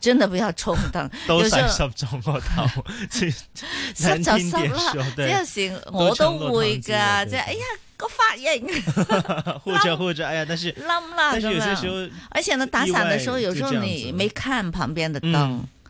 真係比較重登，都濕濕咗個頭，濕就濕啦。即有時我都會㗎，即哎呀個髮型，或者或者哎呀，哎呀但是，但係有些時候，而且呢，打傘的時候，有時候你沒看旁邊的燈。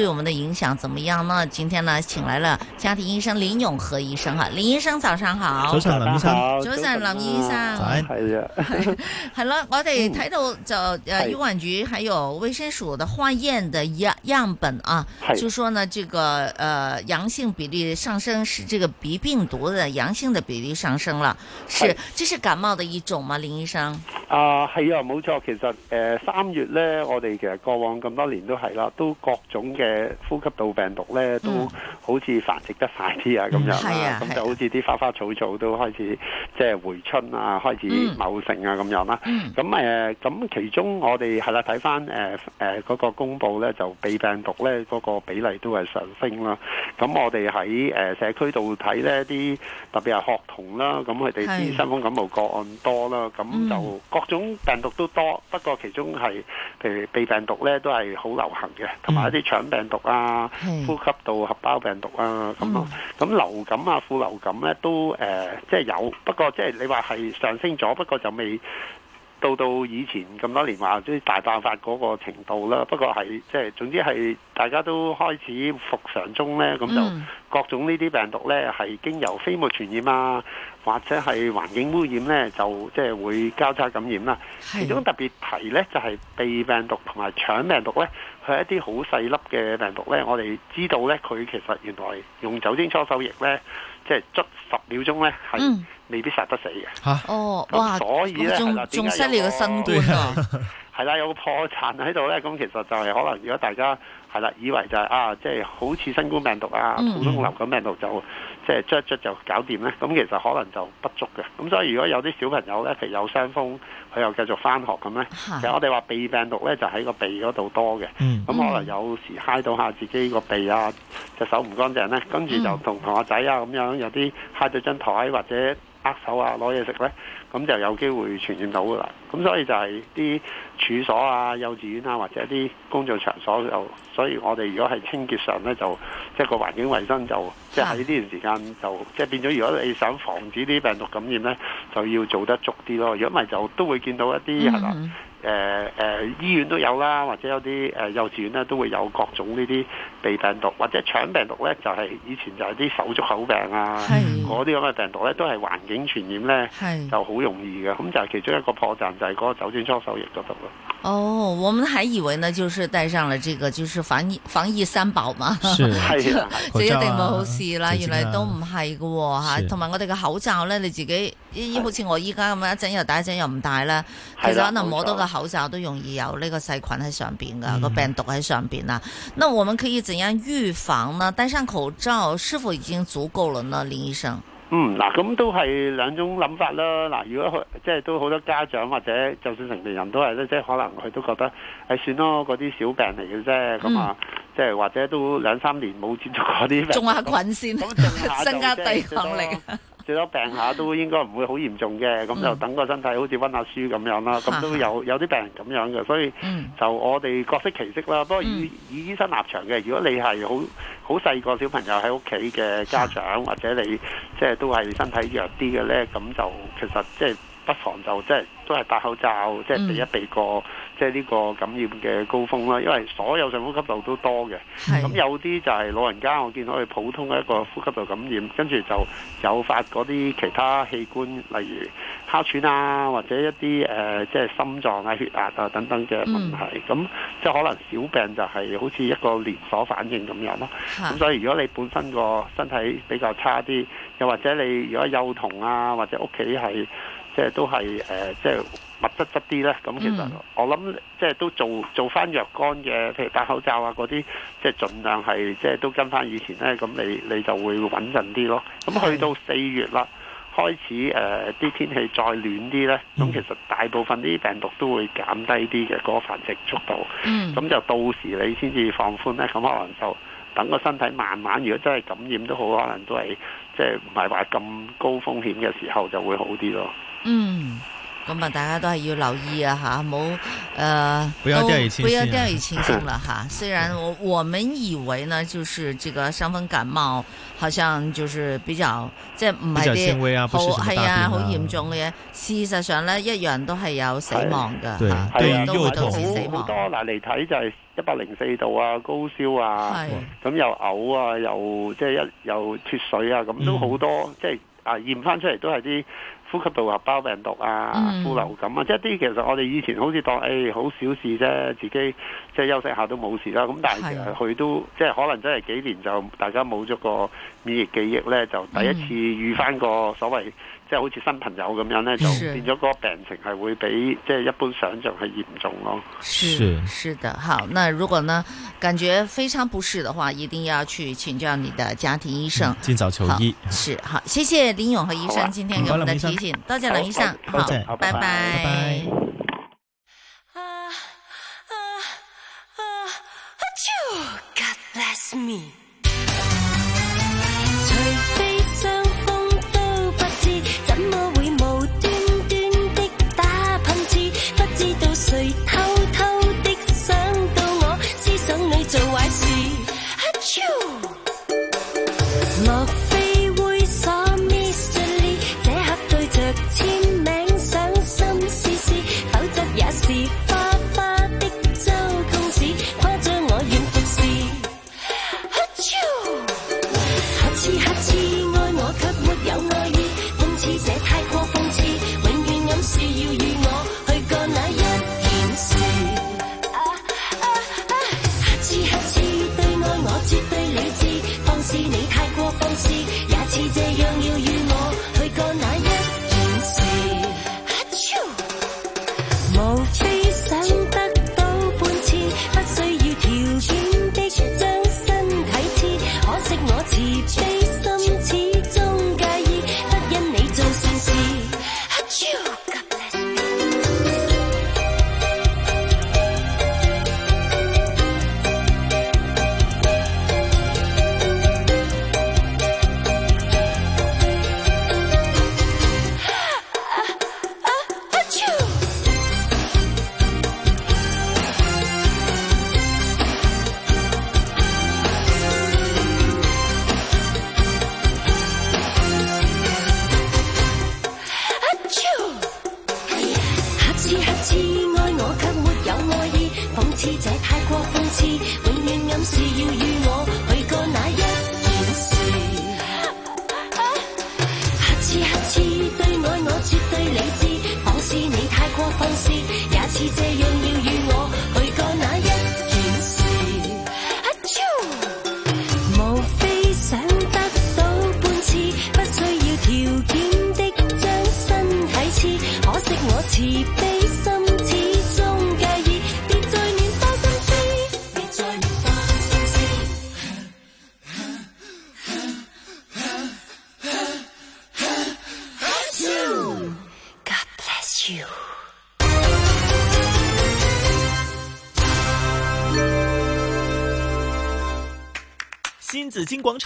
對我們的影響怎麼樣呢？今天呢，請來了家庭醫生林永和醫生哈，林醫生早上好。早晨，林醫生。早晨，林醫生。哎，係啊。係咯、啊啊，我哋睇到就誒，醫、嗯、管局還有衛生署的化驗的樣樣本啊，就說呢，這個呃陽性比例上升，是這個鼻病毒的陽性的比例上升了。是，是這是感冒的一種嗎？林醫生。啊，係啊，冇錯。其實誒，三、呃、月咧，我哋其實過往咁多年都係啦，都各種嘅。呼吸道病毒咧都好似繁殖得快啲啊，咁樣咁、啊、就好似啲花花草草都開始即係、就是、回春啊，嗯、開始茂盛啊，咁樣啦。咁誒，咁、呃、其中我哋係啦，睇翻誒誒嗰個公布咧，就鼻病毒咧嗰、那個比例都係上升啦。咁我哋喺誒社區度睇咧，啲特別係學童啦，咁佢哋啲新冠感冒個案多啦，咁、嗯、就各種病毒都多，不過其中係譬如鼻病毒咧都係好流行嘅，同埋、嗯、一啲腸病。病毒啊，呼吸道合胞病毒啊，咁咁、嗯、流感啊，副流感咧都誒、呃、即係有，不過即係你話係上升咗，不過就未到到以前咁多年話啲大爆發嗰個程度啦。不過係即係總之係大家都開始復常中咧，咁、嗯、就各種呢啲病毒咧係經由飛沫傳染啊，或者係環境污染咧，就即係會交叉感染啦、啊。其中特別提咧就係、是、鼻病毒同埋腸病毒咧。係一啲好細粒嘅病毒咧，我哋知道咧，佢其實原來用酒精搓手液咧，即係捽十秒鐘咧，係未必殺得死嘅。嚇、嗯！哦、啊，以哇！所以咧，仲仲犀利過新冠啊！係啦了， 有個破綻喺度咧，咁其實就係可能如果大家。係啦，以為就係、是、啊，即、就、係、是、好似新冠病毒啊、普通流感病毒就即係捽捽就搞掂咧，咁其實可能就不足嘅。咁所以如果有啲小朋友咧，譬如有傷風，佢又繼續返學咁咧，呢嗯、其實我哋話鼻病毒咧就喺、是、個鼻嗰度多嘅，咁可能有時嗨到下自己個鼻啊，隻手唔乾淨咧，跟住就同同學仔啊咁樣有啲揩咗張枱或者握手啊，攞嘢食咧，咁就有機會傳染到啦。咁所以就係啲處所啊、幼稚園啊或者啲工作場所就所以我哋如果係清潔上咧，就即係個環境衞生就即係喺呢段時間就即係變咗。如果你想防止啲病毒感染咧，就要做得足啲咯。如果唔係就都會見到一啲係、嗯、啦。誒、呃、誒、呃，醫院都有啦，或者有啲誒、呃、幼稚園咧都會有各種呢啲鼻病毒或者腸病毒咧，就係、是、以前就係啲手足口病啊，嗰啲咁嘅病毒咧都係環境傳染咧，是就好容易嘅。咁就係其中一個破綻，就係嗰個酒精搓手液嗰度咯。哦，oh, 我們還以為呢，就是戴上了這個，就是防疫防疫三寶嘛。是 就一定、啊、這個冇事啦，啊、原來都唔係噶，吓是。同埋、啊、我哋嘅口罩呢，你自己依好似我依家咁樣，一陣又戴，一陣又唔戴啦。其實可能摸到個口罩都容易有呢、這個細菌喺上邊啊，嗯、個病毒喺上邊啊。那我們可以怎樣預防呢？戴上口罩是否已經足夠了呢？林醫生？嗯，嗱，咁都係兩種諗法啦。嗱，如果佢即係都好多家長或者就算成年人都係咧，即係可能佢都覺得誒算咯，嗰啲小病嚟嘅啫。咁啊、嗯，即係或者都兩三年冇接觸過嗰啲，種下菌先，增加抵抗力啊。有病下都應該唔會好嚴重嘅，咁就等個身體好似温下書咁樣啦。咁都有有啲病人咁樣嘅，所以就我哋各適其適啦。不過以以醫生立場嘅，如果你係好好細個小朋友喺屋企嘅家長，或者你即係都係身體弱啲嘅呢，咁就其實就就即係不妨就即係都係戴口罩，即係避一避過。即係呢個感染嘅高峰啦，因為所有上呼吸道都多嘅，咁是有啲就係老人家，我見到佢普通一個呼吸道感染，跟住就誘發嗰啲其他器官，例如哮喘啊，或者一啲誒、呃、即係心臟啊、血壓啊等等嘅問題。咁即係可能小病就係好似一個連鎖反應咁樣咯。咁是所以如果你本身個身體比較差啲，又或者你如果幼童啊，或者屋企係即係都係誒、呃、即係。密質質啲咧，咁其實我諗即係都做做返藥干嘅，譬如戴口罩啊嗰啲，即係盡量係即係都跟返以前咧，咁你你就會穩陣啲咯。咁去到四月啦，的開始啲、呃、天氣再暖啲咧，咁其實大部分啲病毒都會減低啲嘅嗰繁殖速度。咁的就到時你先至放寬咧，咁可能就等個身體慢慢，如果真係感染都好，可能都係即係唔係話咁高風險嘅時候就會好啲咯。嗯。咁啊，大家都係要留意啊，吓冇，誒，都不要掉以輕心啦，吓。雖然我我們以為呢，就是這個傷風感冒，好像就是比較即係唔係啲好係啊，好嚴重嘅嘢。事實上咧，一樣都係有死亡嘅，係啊，都會導致死亡。好多嗱嚟睇就係一百零四度啊，高燒啊，咁又嘔啊，又即係一又脫水啊，咁都好多，即係啊驗翻出嚟都係啲。呼吸道合、啊、胞病毒啊，mm. 副流感啊，即係啲其實我哋以前好似當誒好、哎、小事啫，自己即係休息下都冇事啦。咁但係其實佢都、mm. 即係可能真係幾年就大家冇咗個免疫記憶咧，就第一次遇翻個所謂。即係好似新朋友咁樣呢，就變咗個病情係會比即係一般想象係嚴重咯。是是的，好，那如果呢感覺非常不適的話，一定要去請教你的家庭醫生，盡早求醫。是好，謝謝林永和醫生、啊、今天給我們的提醒，多謝林醫生。好，拜拜。拜拜 uh, uh, uh,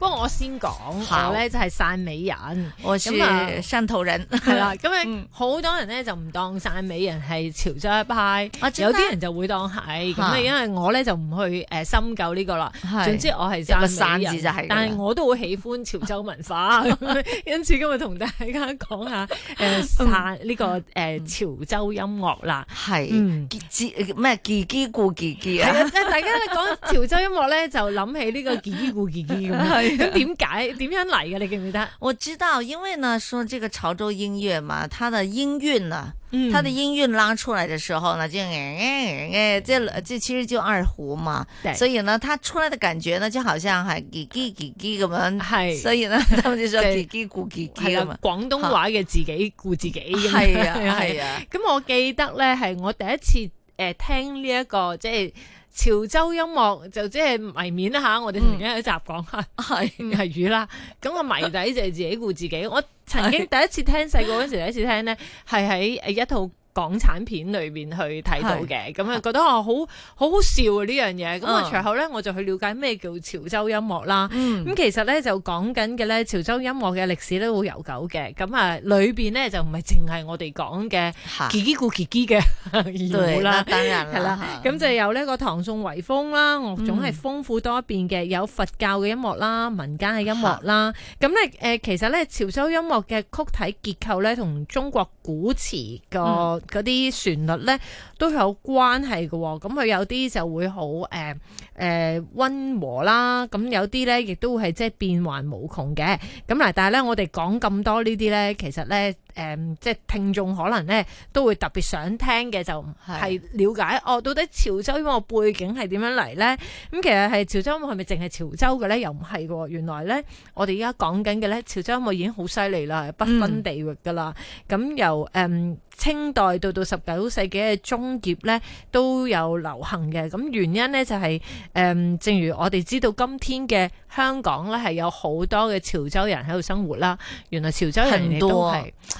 不過我先講下咧，就係汕美人，我先汕頭人係啦。咁啊，好多人咧就唔當汕美人係潮州一派，有啲人就會當係咁啊。因為我咧就唔去誒深究呢個啦，總之我係汕美人就係。但係我都好喜歡潮州文化，咁因此今日同大家講下誒汕呢個誒潮州音樂啦。係，結結咩？結結固結結。啊，大家講潮州音樂咧，就諗起呢個結結固結結咁咁點解？點 樣嚟嘅？你記唔記得？我知道，因為呢，說這個潮州音樂嘛，它的音韻呢，嗯、它的音韻拉出來的時候呢，就誒誒誒，即係即其實就二胡嘛，對所以呢，它出來的感覺呢，就好像係對嘰嘰嘰嘰咁樣，係所以呢，佢哋就說自己顧自己，係廣東話嘅自己顧自己，係啊係啊。咁、 啊啊啊、 我記得咧，係我第一次誒、呃、聽呢、這、一個即係。潮州音樂就即係謎面啦吓，我哋頭先喺集講係謎語啦，咁、嗰個謎底就係自己顧自己。 我曾經第一次聽細個嗰時，第一次聽咧係喺誒一套，港產片裏邊去睇到嘅，咁啊覺得啊好好好笑啊呢樣嘢，咁啊隨後咧我就去了解咩叫潮州音樂啦。咁其實咧就講緊嘅咧潮州音樂嘅歷史咧好悠久嘅，咁啊裏邊咧就唔係淨係我哋講嘅，幾幾顧幾幾嘅，對啦，當然係啦。咁就有呢個唐宋遺風啦，樂種係豐富多變嘅，有佛教嘅音樂啦，民間嘅音樂啦。咁咧誒，其實咧潮州音樂嘅曲體結構咧同中國古詞個。嗰啲旋律咧都有關係㗎喎，咁佢有啲就會好誒誒溫和啦，咁有啲咧亦都係即係變幻無窮嘅，咁嚟但係咧我哋講咁多呢啲咧，其實咧。誒、嗯，即係聽眾可能咧都會特別想聽嘅，就係了解的哦，到底潮州音樂呢個背景係點樣嚟呢？咁其實係潮州音樂，係咪淨係潮州嘅咧？又唔係喎，原來咧，我哋而家講緊嘅咧，潮州音樂已經好犀利啦，不分地域噶啦。咁、嗯、由誒、嗯、清代到到十九世紀嘅中葉咧，都有流行嘅。咁原因呢，就係、是、誒、嗯，正如我哋知道，今天嘅香港咧係有好多嘅潮州人喺度生活啦。原來潮州人都係。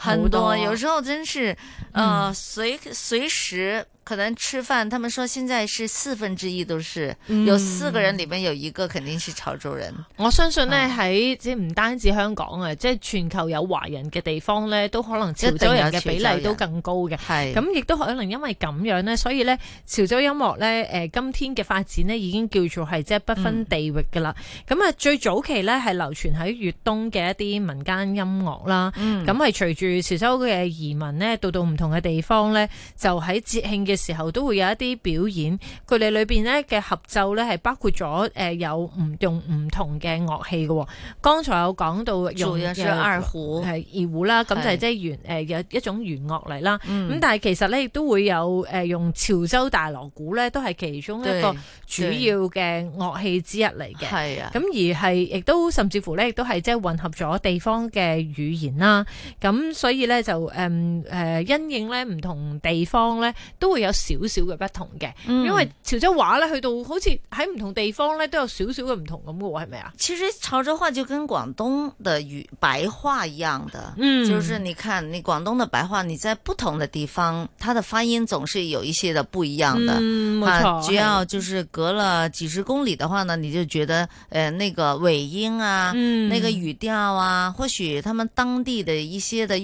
很多，很多有時候真是，嗯、呃隨隨時可能吃飯。他們說現在是四分之一都是，嗯、有四個人裏面有一個肯定是潮州人。我相信咧喺、嗯、即唔單止香港啊，即係全球有華人嘅地方咧，都可能潮州人嘅比例都更高嘅。係咁亦都可能因為咁樣咧，是所以咧潮州音樂咧，誒、呃、今天嘅發展咧已經叫做係即係不分地域噶啦。咁啊、嗯、最早期咧係流傳喺粵東嘅一啲民間音樂啦，咁係隨住。住潮州嘅移民呢，到到唔同嘅地方呢，就喺節慶嘅時候都會有一啲表演。佢哋裏邊呢嘅合奏呢，係包括咗誒、呃、有唔用唔同嘅樂器嘅。剛才有講到用二胡，係二胡啦，咁是就係即係原誒有一種弦樂嚟啦。咁是但係其實呢，亦都會有誒用潮州大鑼鼓呢，都係其中一個主要嘅樂器之一嚟嘅。係啊，咁而係亦都甚至乎呢，亦都係即係混合咗地方嘅語言啦。咁所以咧就誒誒、嗯呃，因應咧唔同地方咧都會有少少嘅不同嘅，嗯、因為潮州話咧去到好似喺唔同地方咧都有少少嘅唔同咁嘅，係咪啊？其實潮州話就跟廣東的語白話一樣的，嗯，就是你看你廣東的白話，你在不同的地方，它的發音總是有一些的不一樣的，嗯，冇錯、啊、只要就是隔了幾十公里的話呢，你就覺得誒、呃、那個尾音啊，嗯，那個語調啊，或許他們當地的一些的。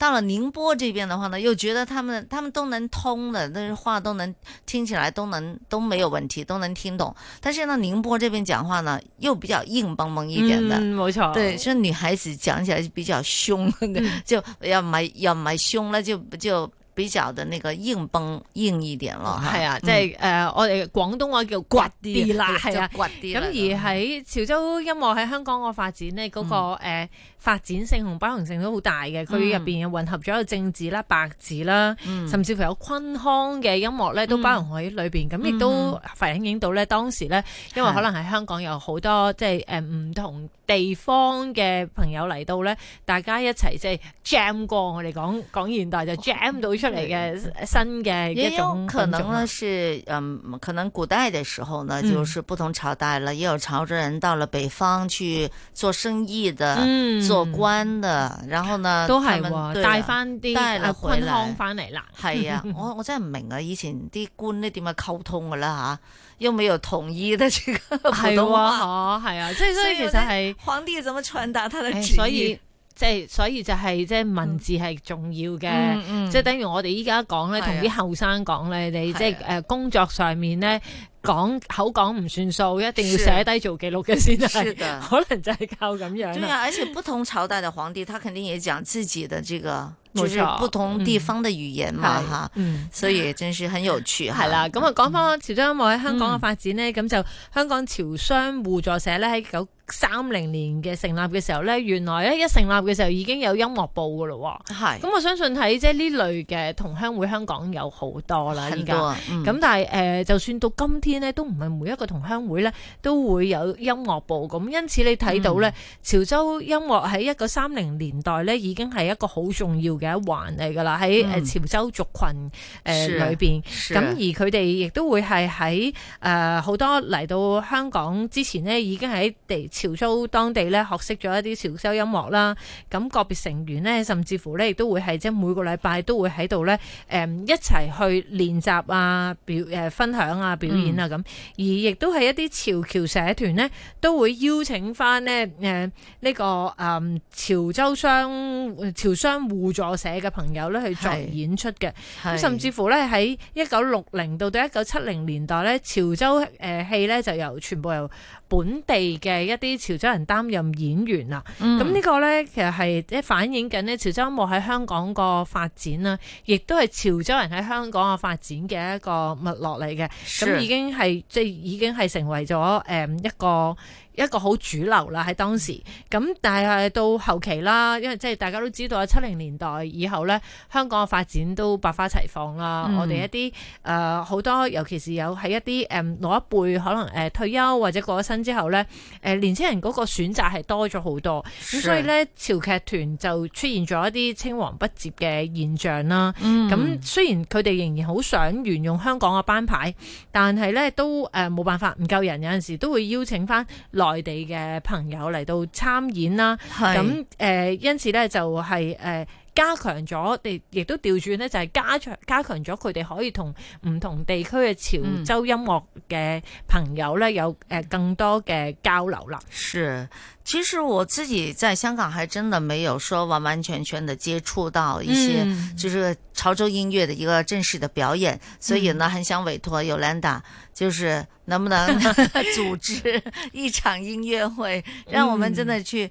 到了寧波這邊的話呢，又覺得他們他們都能通的，但是話都能聽起來都能都沒有問題，都能聽懂。但是呢，寧波這邊講話呢，又比較硬邦邦一點的，嗯，沒錯，對，所以女孩子講起來比較兇，嗯、就要蠻要蠻兇，那就就比較的那個硬邦硬一點了，哈、嗯，係啊，即係誒，我哋廣東話叫倔啲啦，係、嗯、啊，倔啲。咁、啊、而喺潮州音樂喺香港嘅發展呢，嗯嗰個誒。呃發展性同包容性都好大嘅，佢入面又混合咗一個政治啦、白字啦，甚至乎有昆腔嘅音樂咧，都包容喺裏面。咁亦都反映到咧，當時咧，嗯、因為可能喺香港有好多即係唔同地方嘅朋友嚟到咧，是大家一齊即係 jam 過。我哋講，講現代就 jam 到出嚟嘅新嘅一種，種。可能呢是、嗯、可能古代嘅時候呢，就是不同朝代啦，也有潮州人到了北方去做生意嘅。嗯做官的，然後呢？都係、哦、帶翻啲官腔翻嚟啦。係啊， 我我真係唔明白的的啊！以前啲官呢點樣溝通噶啦吓，又未有統一嘅呢個。係普通話係、哦、啊，即係所以，所以其實係皇帝怎麼傳達他的旨意、哎？以即係所以就係即係文字係重要嘅，即係等於我哋依家講咧，同啲後生講咧，你即係誒工作上面咧，講口講唔算數，一定要寫低做記錄嘅先係，可能就係靠咁樣。對啊，而且不同朝代嘅皇帝，他肯定也講自己的這個，冇錯，就是不同地方的語言嘛，哈，所以真是很有趣。係啦，咁啊講翻潮州音樂喺香港嘅發展咧，咁就香港潮商互助社咧喺九三零年嘅成立嘅時候咧，原來咧一成立嘅時候已經有音樂部噶咯，係咁是我相信喺即係呢類嘅同鄉會香港有好多啦，依家咁但係誒、呃、就算到今天咧，都唔係每一個同鄉會咧都會有音樂部，咁因此你睇到咧、嗯、潮州音樂喺一九三零年代咧，已經係一個好重要嘅一環嚟噶啦，喺誒潮州族群誒裏邊咁、啊、而佢哋亦都會係喺誒好多嚟到香港之前咧，已經喺地。潮州當地咧學識咗一啲潮州音樂啦，咁個別成員咧，甚至乎咧亦都會係即係每個禮拜都會喺度咧誒一齊去練習啊表、誒分享啊表演啊咁，嗯、而亦都係一啲潮僑社團咧都會邀請翻咧誒呢個誒潮州商潮商互助社嘅朋友咧去作演出嘅，咁甚至乎咧喺一九六零到到一九七零年代咧潮州誒戲咧就由全部由本地嘅一啲。潮州人擔任演員啦，咁呢、嗯、個咧其實係即反映緊咧潮州音樂喺香港個發展啦，亦都係潮州人喺香港個發展嘅一個脈絡嚟嘅，咁是已經係即係已經係成為咗誒、嗯、一個。一個好主流啦，喺當時咁，但係到後期啦，因為即係大家都知道啦，七零年代以後咧，香港嘅發展都百花齊放啦。嗯、我哋一啲誒好多，尤其是有喺一啲誒老一輩可能誒退休或者過咗身之後咧，誒年輕人嗰個選擇係多咗好多。咁 Sure. 所以咧，潮劇團就出現咗一啲青黃不接嘅現象啦。咁、嗯嗯、雖然佢哋仍然好想沿用香港嘅班牌，但係咧都誒冇、呃、辦法，唔夠人，有陣時都會邀請翻內地嘅朋友嚟到參演啦，咁誒是、呃，因此咧就係、是、誒。呃加強咗，哋亦都調轉呢，就係加強加強咗佢哋可以同唔同地區嘅潮州音樂嘅朋友呢，有誒更多嘅交流啦。是，其實我自己在香港，還真的沒有說完完全全的接觸到一些，就是潮州音樂的一個正式的表演，嗯、所以呢，很想委託 Yolanda，就是能不能 組織一場音樂會，嗯、讓我們真的去。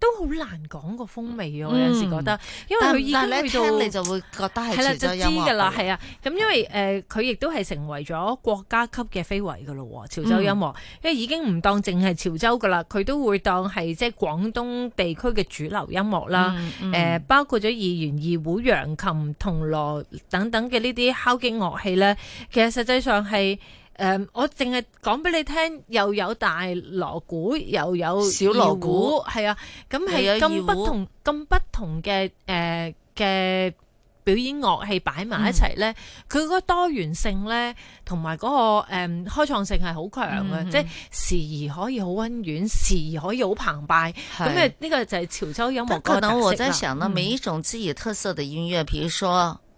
都好難講個風味喎，我有時覺得，因為佢已經去到。嗯、你聽你就會覺得係潮州音樂。係啦，就知㗎啦，係啊、嗯，咁因為誒佢亦都係成為咗國家級嘅非遺㗎咯，潮州音樂，嗯、因為已經唔當淨係潮州㗎啦，佢都會當係即係廣東地區嘅主流音樂啦。誒、嗯嗯呃，包括咗二弦、二胡、揚琴、銅鑼等等嘅呢啲敲擊樂器咧，其實實際上係。誒、嗯，我淨係講俾你聽，又有大鑼鼓，又有小鑼鼓，係啊，咁係咁不同咁不同嘅誒嘅表演樂器擺埋一齊咧，佢嗰、嗯、多元性咧，同埋嗰個誒、嗯、開創性係好強嘅，嗯嗯即係時而可以好溫婉，時而可以好澎湃，咁誒呢個就係潮州音樂個特色啦。咁我真係想咧，每一種自己特色嘅音樂，譬、嗯、如說。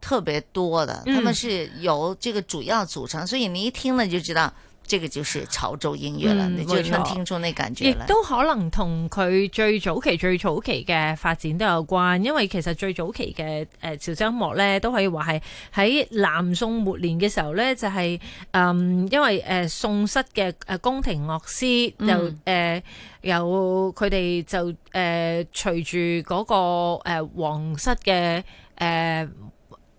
特別多的，他們是由這個主要組成，嗯、所以你一聽了就知道，這個就是潮州音樂了，嗯、你就能聽出那感覺了。嗯、也都可能同佢最早期、最早期嘅發展都有關，因為其實最早期嘅誒潮州音樂咧，都可以話係喺南宋末年嘅時候咧，就係、是、嗯，因為誒、呃、宋室嘅誒宮廷樂師就，又誒、嗯呃，有佢哋就誒隨住嗰個誒皇室嘅誒。呃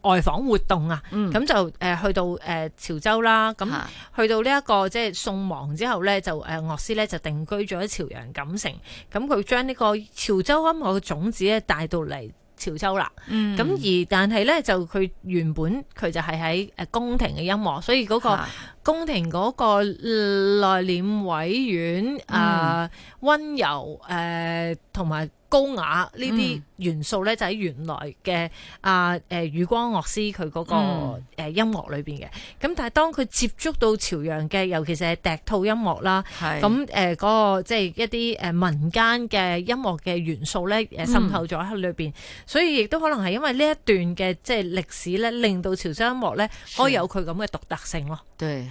外訪活動啊，咁、嗯、就誒、呃、去到誒、呃、潮州啦，咁的去到呢、這、一個即係宋亡之後咧，就誒、呃、樂師咧就定居咗喺潮陽錦城，咁佢將呢個潮州音樂嘅種子咧帶到嚟潮州啦，咁、嗯、而但係咧就佢原本佢就係喺誒宮廷嘅音樂，所以嗰、那個。宮廷嗰個內斂委員、委婉、嗯、啊温、呃、柔、誒同埋高雅呢啲元素咧，嗯、就喺原來嘅啊誒《月、呃、光樂師》佢嗰個音樂裏邊嘅。咁、嗯、但係當佢接觸到潮陽嘅，尤其是係笛套音樂啦，咁誒嗰個即係、就是、一啲誒民間嘅音樂嘅元素咧，誒滲透咗喺裏邊。嗯、所以亦都可能係因為呢一段嘅即係歷史咧，令到潮州音樂咧，可以有佢咁嘅獨特性咯。對。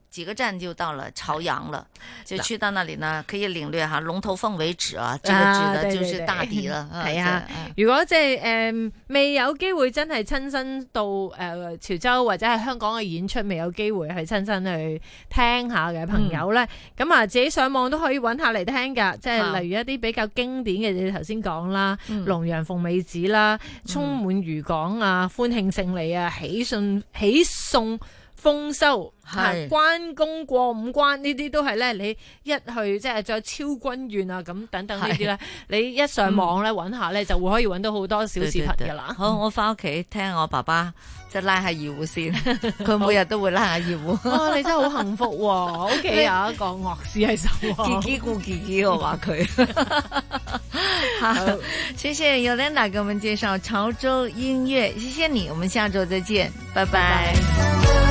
幾個站就到了朝陽了，就去到那裏呢，可以領略下龍頭鳳尾指啊，這個指的就是大笛啦。係啊，如果即係誒未有機會真係親身到誒、呃、潮州或者係香港嘅演出，未有機會去親身去聽一下嘅朋友呢咁、嗯、啊自己上網都可以揾下嚟聽噶，即係例如一啲比較經典嘅，你頭先講啦，龍羊鳳尾指啦，嗯、充滿漁港啊，歡慶勝利啊，喜訊喜頌。喜豐收係關公過五關呢啲都係咧，你一去即係再昭君怨啊咁等等呢啲咧，你一上網咧揾下咧就會可以揾到好多小視頻噶啦。好，我翻屋企聽下我爸爸即係拉下二胡先，佢每日都會拉下二胡。哦，你真係好幸福喎！屋企有一個樂師喺手，自己顧自己我話佢。謝謝 Yolanda 給我們介紹潮州音樂，謝謝你，我們下週再見，拜拜。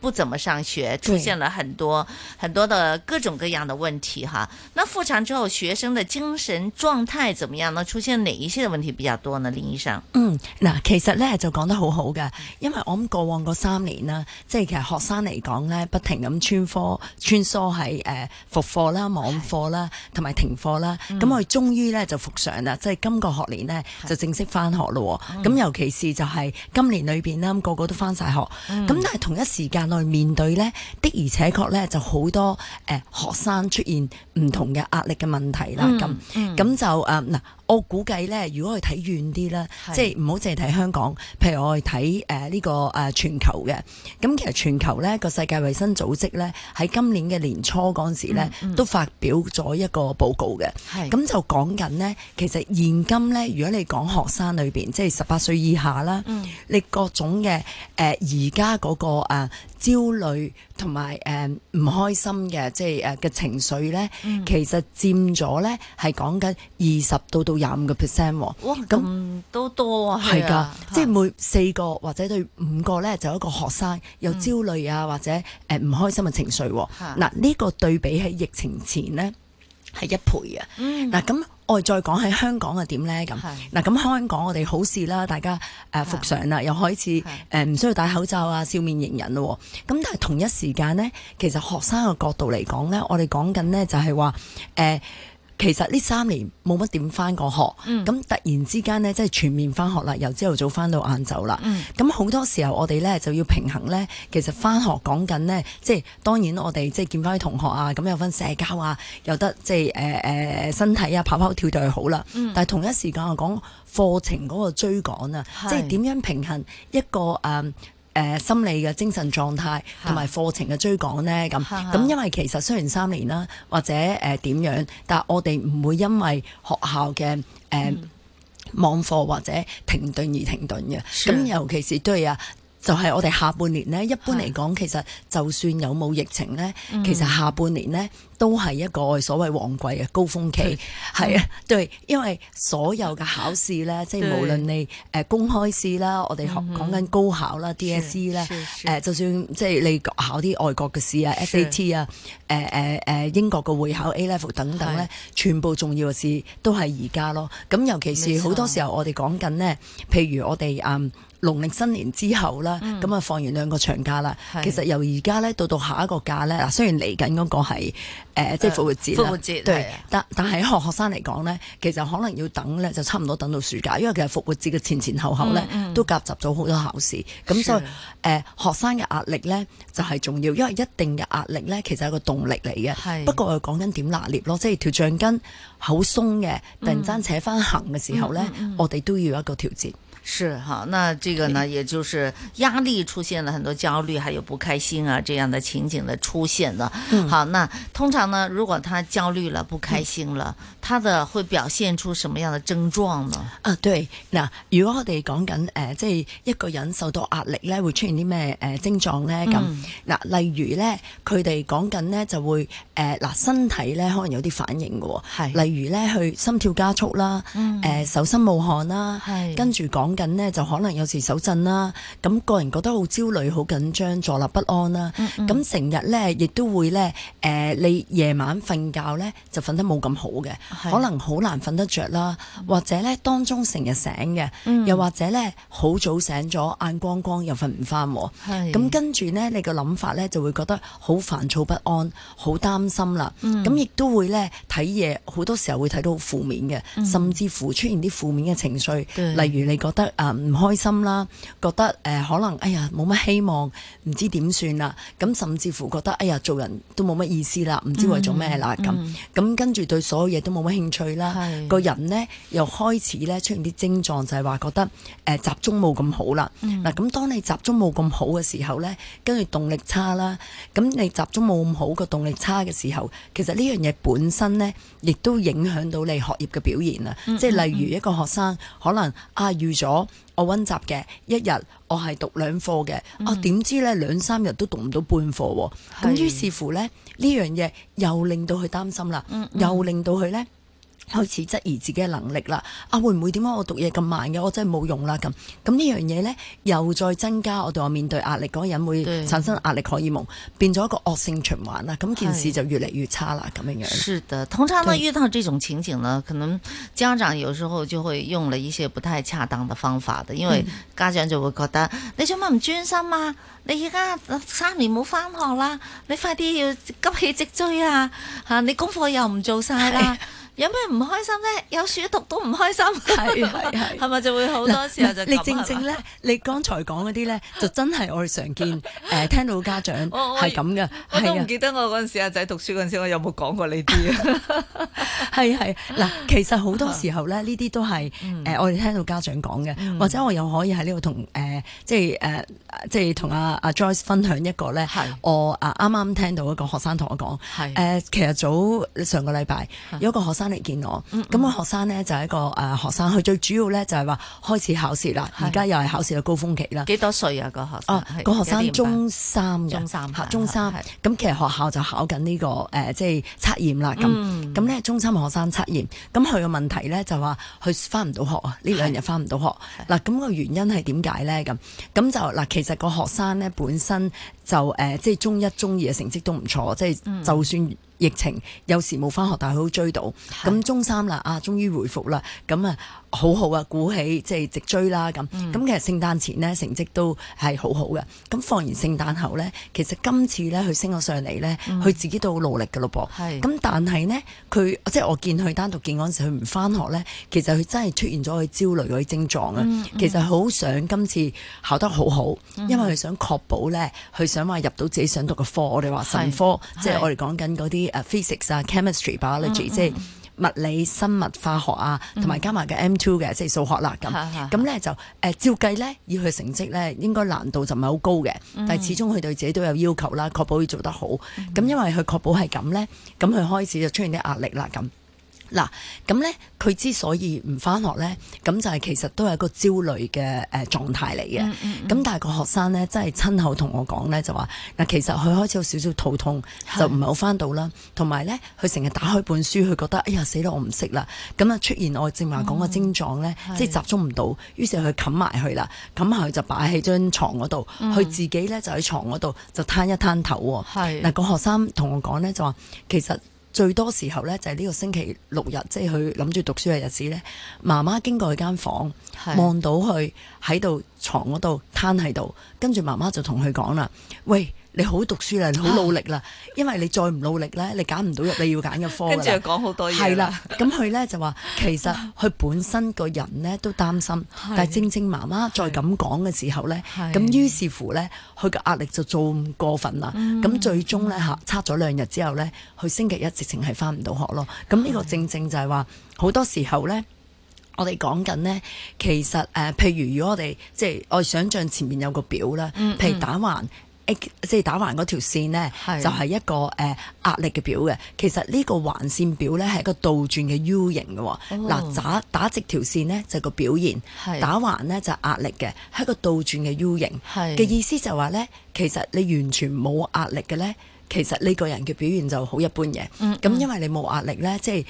不怎麼上學，出現了很多對很多的各種各樣的問題哈。那復常之後，學生的精神狀態怎麼樣呢？出現哪一些問題比較多呢？林醫生？嗯，嗱，其實咧就講得好好嘅，因為我們過往嗰三年啦，即係、嗯、其實學生嚟講咧，不停咁穿科穿梭喺誒復課啦、網課啦，同埋是停課啦。咁、嗯、我哋終於咧就復上啦，即係今個學年咧就正式翻學咯。咁是、嗯、尤其是就係今年裏邊啦，個個都翻晒學。咁、嗯、但係同一時間。來面對咧，的而且確咧就好多誒、呃、學生出現唔同嘅壓力嘅問題啦，咁咁就誒嗱、呃，我估計咧，如果我睇遠啲啦，是即係唔好淨係睇香港，譬如我哋睇誒呢個誒、呃、全球嘅，咁其實全球咧個世界衛生組織咧喺今年嘅年初嗰陣時咧，嗯嗯、都發表咗一個報告嘅，咁是就講緊咧，其實現今咧，如果你講學生裏邊，即係十八歲以下啦，嗯、你各種嘅誒而家嗰個、呃焦慮同埋誒唔開心嘅，即係誒嘅情緒咧，嗯、其實佔咗咧係講緊二十到到廿五個 percent 哇！咁都那多啊，係㗎的，的即係每四個或者對五個咧，就有一個學生有焦慮啊，嗯、或者誒唔、呃、開心嘅情緒、哦。嗱的，呢、呢個對比喺疫情前咧。係一倍啊！嗱，咁我哋再講喺香港係點咧咁，嗱咁是的 香港我哋好事啦，大家服、呃、復常啦，是的 又開始誒唔是的、呃、需要戴口罩啊，笑面迎人咯。咁但係同一時間咧，其實學生嘅角度嚟講咧，我哋講緊咧就係話誒其實呢三年冇乜點翻過學，咁、嗯、突然之間咧，即、就、係、是、全面翻學啦，由朝頭早翻到晏晝啦，咁好、嗯、多時候我哋咧就要平衡咧。其實翻學講緊咧，嗯、即係當然我哋即係見翻啲同學啊，咁有翻社交啊，有得即係誒誒身體啊，跑跑跳跳係好啦。嗯、但係同一時間我講課程嗰個追趕啊，是即係點樣平衡一個誒。呃誒、呃、心理嘅精神狀態同埋課程嘅追趕呢，咁，咁因為其實雖然三年啦或者誒點、呃、樣，但係我哋唔會因為學校嘅誒、呃嗯、網課或者停頓而停頓嘅。咁尤其是都係啊！對呀。就係我哋下半年呢，一般嚟講，其實就算有冇疫情呢，其實下半年呢，都係一個所謂旺季嘅高峰期，係啊，對，因為所有嘅考試呢，即係無論你誒公開試啦，我哋講緊高考啦、DSE 啦，誒，就算即係你考啲外國嘅試啊、SAT 啊，誒誒誒英國嘅會考 A Level 等等呢，全部重要嘅試都係而家咯。咁尤其是好多時候，我哋講緊呢，譬如我哋啊，農曆新年之後啦，咁啊、嗯、放完兩個長假啦。是其實由而家咧到到下一個假咧，嗱雖然嚟緊嗰個係、呃、即係復活節、呃，復活節，對但、嗯、但係喺學學生嚟講咧，其實可能要等咧就差唔多等到暑假，因為其實復活節嘅前前後後咧、嗯嗯、都夾雜咗好多考試，咁是所以誒、呃、學生嘅壓力咧就係、是、重要，因為一定嘅壓力咧其實係一個動力嚟嘅。是不過我講緊點拿捏咯，即係條橡筋好鬆嘅，突然間扯翻行嘅時候咧，嗯嗯嗯嗯、我哋都要一個調節。是，好，那這個呢，也就是壓力出現了很多焦慮，還有不開心啊，這樣的情景的出現呢。好，那通常呢，如果他焦慮了、不開心了，嗯、他的會表現出什麼樣的症狀呢？啊，對，嗱，如果我哋講緊誒、呃，即係一個人受到壓力咧，會出現啲咩誒症狀咧？咁嗱，例如咧，佢哋講緊咧就會誒嗱、呃，身體咧可能有啲反應喎，是例如咧去心跳加速啦，誒、嗯呃、手心冒汗啦，是跟住講。講緊呢，就可能有時手震啦，咁個人覺得好焦慮、好緊張、坐立不安啦。咁成日呢，亦、嗯、都會呢，誒、呃，你夜晚瞓覺呢，就瞓得冇咁好嘅，可能好難瞓得着啦，或者呢，當中成日醒嘅，嗯、又或者呢，好早醒咗，眼光光又瞓唔翻。係咁是跟住呢，你個諗法呢，就會覺得好煩躁不安、好擔心啦。咁亦都會呢，睇嘢，好多時候會睇到負面嘅，嗯、甚至乎出現啲負面嘅情緒，對例如你覺得。得唔開心啦，覺得誒、呃、可能哎呀冇乜希望，唔知點算啦。咁甚至乎覺得哎呀做人都冇乜意思啦，唔知為做咩啦咁。咁、mm hmm, mm hmm. 跟住對所有嘢都冇乜興趣啦，是個人呢又開始咧出現啲症狀，就係、是、話覺得誒、呃、集中冇咁好啦。嗱、mm，咁、hmm. 當你集中冇咁好嘅時候呢，跟住動力差啦。咁你集中冇咁好個動力差嘅時候，其實呢樣嘢本身呢，亦都影響到你學業嘅表現啊。即係、mm hmm, mm hmm. 例如一個學生可能啊預咗。我我溫習嘅一日，我係讀兩課嘅，啊點知咧兩三日都讀唔到半課，咁於是乎咧呢樣嘢又令到佢擔心啦，嗯嗯又令到佢咧。開始質疑自己嘅能力啦！啊，會唔會點解我讀嘢咁慢嘅？我真係冇用啦！咁咁呢樣嘢呢，又再增加我哋我面對壓力嗰個人會產生壓力荷爾蒙，對變咗一個惡性循環啦！咁對件事就越嚟越差啦，咁樣樣。是的，通常呢對遇到這種情景呢，可能家長有時候就會用了一些不太恰當的方法嘅，因為家長就會覺得、嗯、你做乜唔專心啊？你而家三年冇翻學啦，你快啲要急起直追啊！吓，你功課又唔做晒啦。有咩唔開心咧？有書讀都唔開心，係，係咪就會好多時候就咁，你正正咧，你剛才講嗰啲咧，就真係我哋常見誒聽到家長係咁嘅。我都唔記得我嗰陣時阿仔讀書嗰陣時，我有冇講過呢啲啊？係，係嗱，其實好多時候咧，呢啲都係誒我哋聽到家長講嘅，或者我又可以喺呢度同誒即係誒即係同阿阿 Joyce 分享一個咧，我啊啱啱聽到一個學生同我講，係誒其實早上個禮拜有一個學生。嚟見我，咁、嗯嗯、個學生咧就係、一個誒、呃、學生，佢最主要咧就係、是、話開始考試啦，而家的又係考試嘅高峰期啦。幾多歲啊個學生？啊那個學生中三嘅，中三，中三。咁其實學校就考緊、這、呢個誒、呃，即係測驗啦。咁咁咧，中三學生測驗，咁佢個問題咧就話佢翻唔到學啊，呢兩日翻唔到學。嗱的，咁的個原因係點解咧？咁咁就嗱，其實個學生咧本身就誒、呃，即係中一、中二嘅成績都唔錯，嗯、即係就算。疫情有時冇返學，但係都追到。咁中三啦，啊，終於回復啦。咁啊。好好啊，鼓起即係直追啦咁。咁、嗯、其實聖誕前咧成績都係好好嘅。咁放完聖誕後咧，其實今次咧佢升咗上嚟咧，佢、嗯、自己都好努力㗎咯噃。係是。咁但係咧，佢即係我見佢單獨見嗰陣時，佢唔翻學咧，其實佢真係出現咗佢焦慮嗰啲症狀啊。嗯嗯、其實好想今次考得好好，嗯、因為佢想確保咧，佢想話入到自己想讀嘅科。我哋話神科，即係我哋講緊嗰啲 physics 啊、嗯、chemistry 是、biology，即係物理、生物、化學啊，同埋加埋嘅 M2 嘅、嗯、即係數學啦。咁咁咧就誒、呃、照計咧，要佢成績咧應該難度就唔係好高嘅，嗯、但係始終佢對自己都有要求啦，確保佢做得好。咁、嗯、因為佢確保係咁咧，咁佢開始就出現啲壓力啦咁。嗱，咁咧佢之所以唔翻學咧，咁就係其實都係一個焦慮嘅誒、呃、狀態嚟嘅。咁、嗯嗯、但係個學生咧，真係親口同我講咧，就話嗱，其實佢開始有少少肚痛，嗯、就唔係好翻到啦。同埋咧，佢成日打開本書，佢覺得哎呀死啦，我唔識啦。咁啊出現我正話講個症狀咧，嗯、即係集中唔到，於是佢冚埋佢啦，冚埋佢就擺喺張床嗰度，佢、嗯、自己咧就喺床嗰度就攤一攤頭、啊。嗱、嗯，嗯、個學生同我講咧就話，其實最多時候呢，就係呢個星期六日，即係佢諗住讀書嘅日子呢，媽媽經過佢間房，望到佢喺度床嗰度，攤喺度，跟住媽媽就同佢講啦：喂！你好，讀書啦，你好努力啦，啊、因為你再唔努力咧，你揀唔到入你要揀嘅科。跟住講好多嘢。係啦，咁佢咧就話，其實佢本身個人咧都擔心， 但係正正媽媽再咁講嘅時候咧，咁於是是乎咧，佢嘅壓力就做仲過分啦。咁、嗯、最終咧吓，差咗兩日之後咧，佢星期一直情係翻唔到學咯。咁呢個正正就係話，好是多時候咧，我哋講緊咧，其實誒、呃，譬如如果我哋即係我想象前面有個表啦，嗯嗯譬如打橫。即係打橫嗰條線咧，就係一個誒壓力嘅表嘅。是其實呢個橫線表咧係一個倒轉嘅 U 型嘅。嗱、哦，打直條線咧就係個表現，是打橫咧就係壓力嘅，係一個倒轉嘅 U 型嘅是意思就係話咧，其實你完全冇壓力嘅咧，其實呢個人嘅表現就好一般嘅，咁因為你冇壓力咧，即係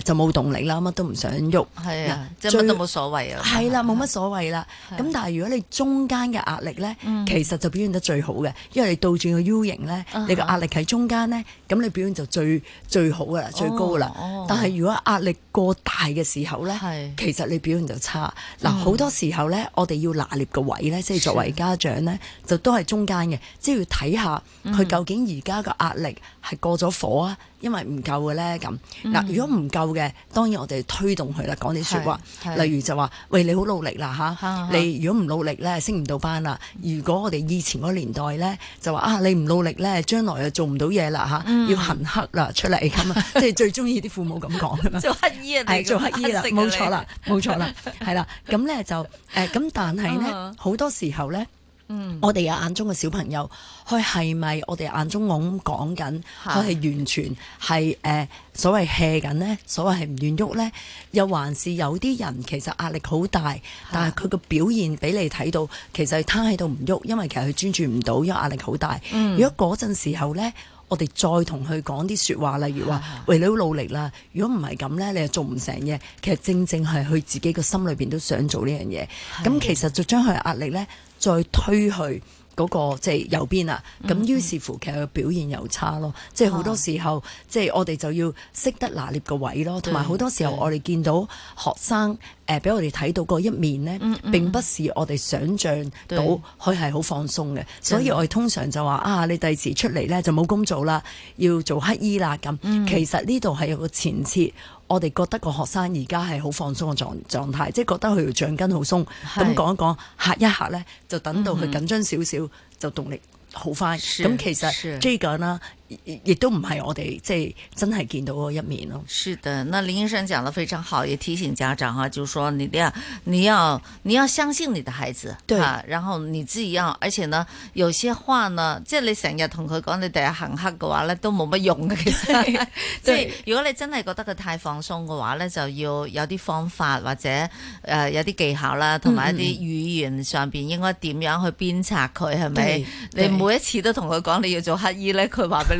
誒就冇動力啦，乜都唔想喐，係啊，即乜都冇所謂啊，係啦，冇乜所謂啦。咁但係如果你中間嘅壓力咧，其實就表現得最好嘅，因為你倒轉個 U 型咧，你個壓力喺中間咧，咁你表現就最最好噶啦，最高噶啦。但係如果壓力過大嘅時候咧，其實你表現就差。嗱，好多時候咧，我哋要拿捏個位咧，即係作為家長咧，就都係中間嘅，即係要睇下佢究竟而家。一個壓力係過咗火啊，因為唔夠嘅咧，咁嗱，如果唔夠嘅，當然我哋推動佢啦，講啲說話，例如就話喂，你好努力啦吓，你如果唔努力咧，升唔到班啦。如果我哋以前嗰年代咧，就話啊，你唔努力咧，將來又做唔到嘢啦吓，要行乞啦出嚟咁啊，即係最中意啲父母咁講噶嘛，做乞衣啊，係做乞衣啦，冇錯啦，冇錯啦，係啦，咁咧就誒，咁但係咧，好多時候咧。Mm. 我哋眼中嘅小朋友，佢係咪我哋眼中咁講緊？佢係的完全係誒、呃、所謂 hea 緊呢？所謂係唔願喐呢？又還是有啲人其實壓力好大，的但係佢個表現俾你睇到，其實攤喺度唔喐，因為其實佢專注唔到，因為壓力好大。Mm. 如果嗰陣時候呢，我哋再同佢講啲說話，例如話喂，的為你要努力啦。如果唔係咁呢，你又做唔成嘢。其實正正係佢自己個心裏面都想做呢樣嘢，咁的其實就將佢壓力呢。再推去嗰、那個即係、就是、右邊啦，咁於是乎其實表現又差咯。嗯嗯、即係好多時候，啊、即係我哋就要識得拿捏個位咯，同埋好多時候我哋見到學生誒俾對、呃、我哋睇到嗰一面呢，嗯嗯、並不是我哋想象到佢係好放鬆嘅，對所以我哋通常就話對啊，你第時出嚟呢，就冇工做啦，要做乞衣啦咁。嗯、其實呢度係有個前設。我哋覺得個學生而家係好放鬆嘅狀狀態，即係覺得佢條橡筋好鬆，咁講是一講嚇一嚇咧，就等到佢緊張少少，嗯、就動力好快。咁是其實即係講啦。亦都唔係我哋即係真係見到嘅一面咯。是的，那林醫生講得非常好，也提醒家長吓，就是、說你啲啊，你要你要相信你的孩子，對、啊，然後你自己要，而且呢，有些話呢，即係你成日同佢講，你第日行黑嘅話呢，都冇乜用嘅。其實，即係 對如果你真係覺得佢太放鬆嘅話呢，就要有啲方法或者誒、呃、有啲技巧啦，同埋一啲語言上面應該點樣去鞭策佢，係咪？你每一次都同佢講你要做乞兒呢？佢話俾你。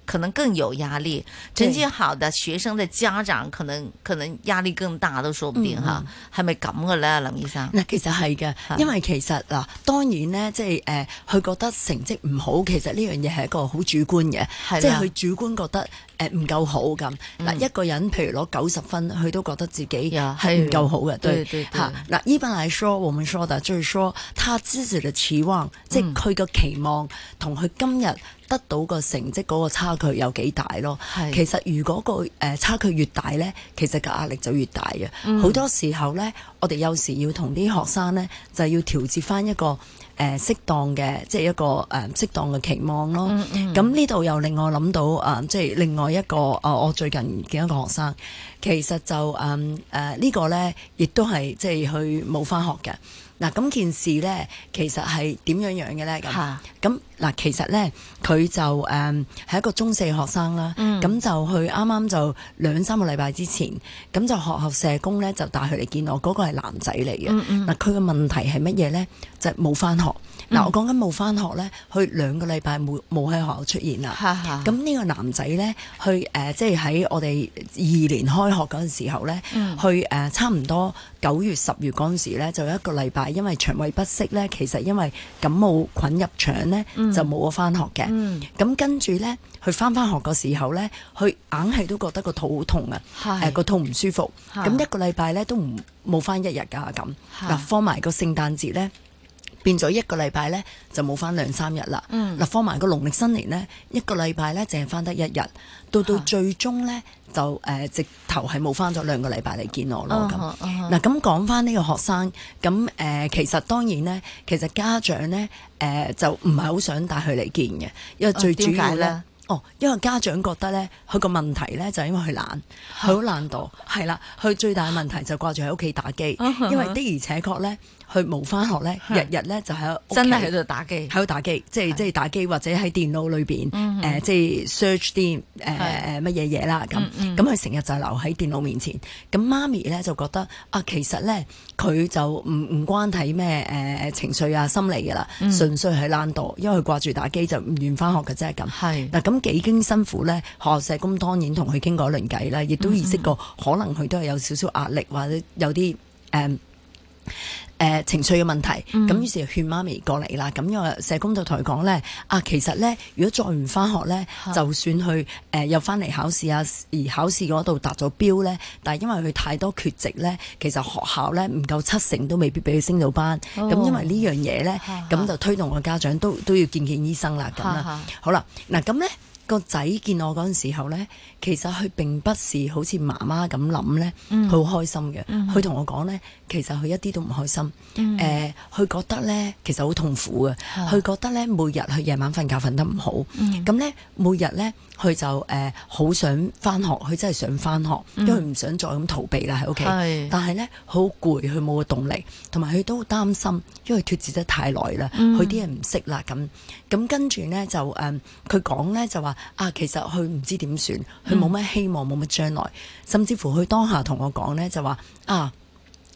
可能更有壓力，成績好的學生的家長可能可能壓力更大，都說不定哈，係咪咁嘅咧，林醫生？那其實係嘅，因為其實嗱，當然咧，即係誒，佢覺得成績唔好，其實呢樣嘢係一個好主觀嘅，即係佢主觀覺得誒唔夠好咁。嗱，一個人譬如攞九十分，佢都覺得自己係唔夠好嘅，對吓。嗱，一般嚟說，我們說的就係說他之前的期望，即係佢嘅期望同佢今日，得到個成績嗰個差距有幾大咯？是其實如果個誒差距越大咧，其實個壓力就越大嘅。好、嗯、多時候咧，我哋有時要同啲學生咧，就要調節翻一個誒、呃、適當嘅，即係一個誒、呃、適當嘅期望咯。咁呢度又令我諗到啊、呃，即係另外一個啊、呃，我最近見一個學生，其實就嗯誒、呃呃呢個、呢個咧，亦都係即係去冇翻學嘅。嗱咁件事咧，其實係點樣樣嘅咧？咁咁嗱，其實咧佢就誒係、嗯、一個中四學生啦。咁、嗯、就去啱啱就兩三個禮拜之前，咁就學校社工咧就帶佢嚟見我，嗰、那個係男仔嚟嘅。嗱、嗯嗯，佢嘅問題係乜嘢咧？就冇、是、返學。嗱，嗯、我講緊冇翻學咧，佢兩個禮拜冇冇喺學校出現啦。咁呢是個男仔咧，去誒、呃，即係喺我哋二年開學嗰陣時候咧，去誒是，差唔多九月十月嗰陣時咧，就一個禮拜，因為腸胃不適咧，其實因為感冒菌入腸咧，就冇咗翻學嘅。咁是跟住咧，佢翻翻學個時候咧，佢硬係都覺得個肚好痛啊，誒、呃、個肚唔舒服。咁是一個禮拜咧都唔冇翻一日㗎咁。嗱，是是放埋個聖誕節咧。變咗一個禮拜咧，就冇翻兩三日啦。嗯，放埋個農曆新年咧，一個禮拜咧淨係翻得一日。到到最終咧，就誒、啊呃、直頭係冇翻咗兩個禮拜嚟見我咯。咁嗱、啊，咁講翻呢個學生，咁誒、呃、其實當然咧，其實家長咧誒、呃、就唔係好想帶佢嚟見嘅，因為最主要咧，啊、呢哦，因為家長覺得咧，佢個問題咧就係因為佢懶，佢好、啊、懶惰，係啦， 佢最大嘅問題就掛住喺屋企打機，啊啊、因為的而且確咧。佢冇翻學咧，日日咧就喺真係喺度打機，喺度打機，即係是即係打機，或者喺電腦裏邊誒，即係 search 啲誒誒乜嘢嘢啦咁。咁佢成日就留喺電腦面前。咁媽咪咧就覺得啊，其實咧佢就唔唔關睇咩誒情緒啊心理噶啦，嗯、純粹係懶惰，因為佢掛住打機就唔願翻學嘅啫咁。係嗱咁幾經辛苦咧，學校社工當然同佢傾過輪偈啦，亦都意識過可能佢都係有少少壓力或者有啲誒。嗯誒、呃、情緒嘅問題，咁於、嗯、是勸媽咪過嚟啦。咁因為社工就同佢講咧，啊其實咧，如果再唔翻學咧，是就算去誒、呃、又翻嚟考試啊，而考試嗰度達咗標咧，但係因為佢太多缺席咧，其實學校咧唔夠七成都未必俾佢升到班。咁、哦、因為呢樣嘢咧，咁就推動個家長都都要見見醫生啦。咁啦，是是是好啦，嗱咁咧個仔見我嗰陣時候咧。其實佢並不是好似媽媽咁諗咧，好、嗯、開心嘅。佢同、嗯、哼我講咧，其實佢一啲都唔開心。誒、嗯哼，佢、呃、覺得咧，其實好痛苦嘅。佢、啊、覺得咧，每日佢夜晚瞓覺瞓得唔好。咁咧、嗯哼，每日咧，佢就誒好、呃、想翻學。佢真係想翻學，嗯、哼因為唔想再咁逃避啦喺屋企。是但係咧，好攰，佢冇個動力，同埋佢都擔心，因為脫節得太耐啦，佢啲嘢唔識啦咁。咁跟住咧就誒，佢講咧就話啊，其實佢唔知點算。佢冇乜希望，冇乜將來，甚至乎佢當下同我講呢，就話啊，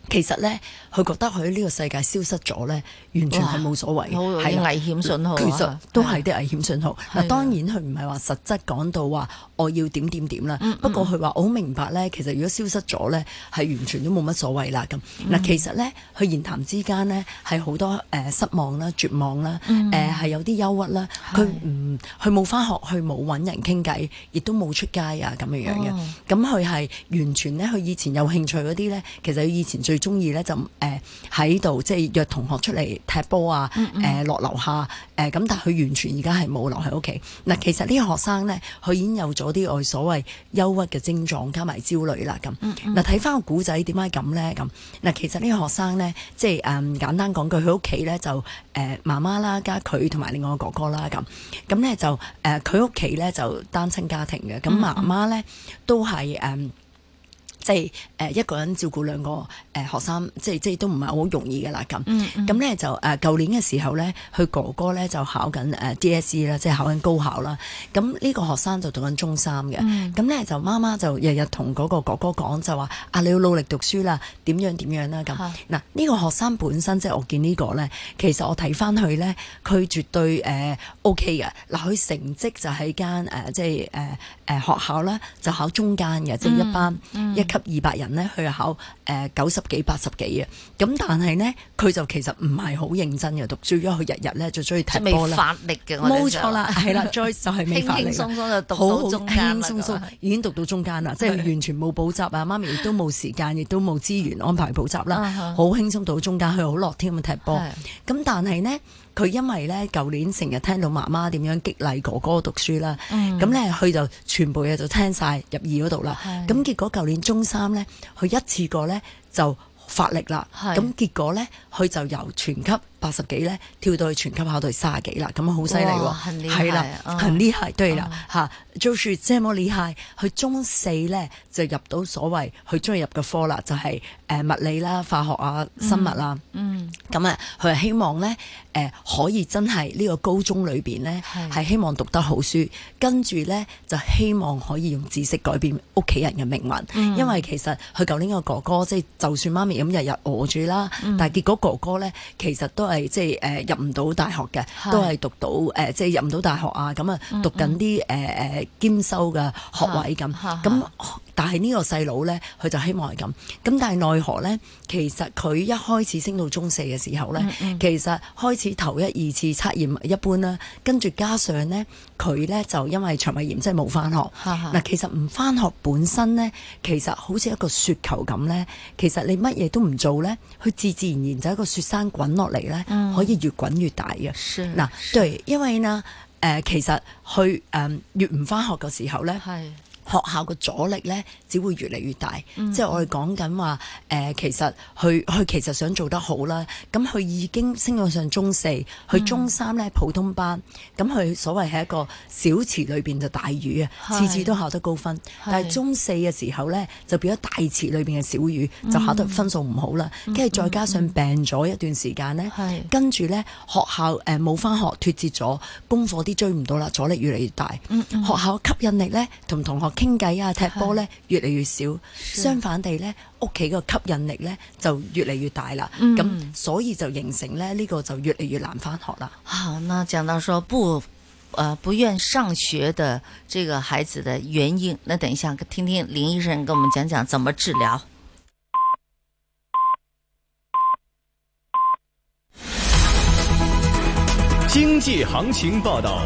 其實呢，佢覺得佢呢個世界消失咗呢，完全係冇所謂嘅，係危、啊啊、危險信號，其實都係啲危險信號。嗱、啊，當然佢唔係話實質講到話。我要點點點啦，嗯、不過佢話、嗯嗯、我好明白咧，其實如果消失咗咧，係完全都冇乜所謂啦咁。嗱、嗯，其實咧，佢言談之間咧係好多誒、呃、失望啦、絕望啦，誒係、嗯呃、有啲憂鬱啦。佢唔是，佢冇返學，佢冇揾人傾偈，亦都冇出街啊咁樣嘅。咁佢係完全咧，佢以前有興趣嗰啲咧，其實佢以前最中意咧就誒喺度，即係約同學出嚟踢波啊，誒、嗯呃、落樓下誒咁。呃嗯、但係佢完全而家係冇留喺屋企。嗱、嗯，其實呢個學生咧，佢已經有咗。嗰啲我所謂憂鬱嘅症狀，加埋焦慮啦咁。嗱，睇翻個古仔點解咁咧？咁嗱，其實呢個學生咧，即係誒、嗯，簡單講句，佢屋企咧就誒媽媽啦，加佢同埋另外個哥哥啦，咁咁咧就誒佢屋企咧就單親家庭嘅，咁媽媽咧都係誒。嗯嗯即係誒一個人照顧兩個誒學生，即係即係都唔係好容易㗎啦咁。咁咧、mm hmm. 就誒舊年嘅時候咧，佢哥哥咧就考緊誒 DSE 啦，即係考緊高考啦。咁呢個學生就讀緊中三嘅。咁咧、mm hmm. 就媽媽就日日同嗰個哥哥講就話：啊你要努力讀書啦，點樣點樣啦咁。嗱呢、mm hmm. 個學生本身即係、就是、我見呢、這個咧，其實我睇返佢咧，佢絕對誒、呃、OK 嘅。嗱佢成績就喺間誒即係誒誒學校啦，就考中間嘅，即、就、係、是、一班、mm hmm. 一。吸級二百人咧，佢考誒九十幾、八十幾嘅，咁但係咧，佢就其實唔係好認真嘅讀書，因為佢日日咧就中意踢波啦。未發力嘅，冇錯啦，係啦，Joyce 就係未發力。輕輕鬆鬆就讀到中間啦，已經讀到中間啦，就是、即係完全冇補習啊，媽咪亦都冇時間，亦都冇資源安排補習啦，好輕鬆到中間，佢好樂天咁踢波。咁是的 但係咧。佢因為咧，舊年成日聽到媽媽點樣激勵哥哥讀書啦，咁咧佢就全部嘢就聽晒入耳嗰度啦。咁是結果舊年中三咧，佢一次過咧就發力啦。咁是結果咧。佢就由全級八十幾咧跳到去全級考到係卅幾啦，咁啊好犀利喎！係啦，恆厲，了、啊、厲害，對啦，嚇、啊，做住、啊、這麼厲害，佢中四咧就入到所謂佢中意入嘅科啦，就係、是、誒、呃、物理啦、化學啊、生物啦、啊嗯。嗯。咁啊，佢希望咧誒、呃、可以真係呢、這個高中裏邊咧係希望讀得好書，跟住咧就希望可以用知識改變屋企人嘅命運。嗯、因為其實佢舊年個哥哥即係、就是、就算媽咪咁日日餓住啦，嗯、但係結果。哥哥咧，其實都係即係誒入唔到大學嘅，都係讀到誒、呃，即係入唔到大學啊！咁啊，讀緊啲誒誒兼修嘅學位咁咁。但係呢個細佬呢，佢就希望係咁。咁但係奈何呢？其實佢一開始升到中四嘅時候呢，嗯嗯、其實開始頭一二次測驗一般啦。跟住加上呢，佢呢就因為腸胃炎，即係冇翻學。嗱哈，其實唔翻學本身呢，其實好似一個雪球咁呢。其實你乜嘢都唔做呢，佢自自然然就一個雪山滾落嚟呢，嗯、可以越滾越大嘅。嗱是、啊，對因為呢，呃、其實佢、呃、越唔翻學嘅時候呢。學校嘅阻力呢，只會越嚟越大。嗯、即係我哋講緊話，誒、呃、其實佢佢其實想做得好啦。咁佢已經升上上中四，佢中三呢普通班，咁佢、嗯、所謂係一個小池裏面就大魚，啊是，次次都考得高分。是但係中四嘅時候呢，就變咗大池裏面嘅小魚，就考得分數唔好啦。跟住、嗯、再加上病咗一段時間、嗯、是呢，跟住呢學校誒冇返學脱節咗，功課啲追唔到啦，阻力越嚟越大。嗯、學校吸引力呢，同同學。傾偈啊，踢波咧是越嚟越少，是相反地咧，屋企個吸引力咧就越嚟越大啦。咁、嗯嗯、所以就形成咧呢、這個就越嚟越難返學啦。好，那講到說不、呃，不願上學的這個孩子的原因，那等一下聽聽林醫生跟我們講講怎麼治療。經濟行情報道。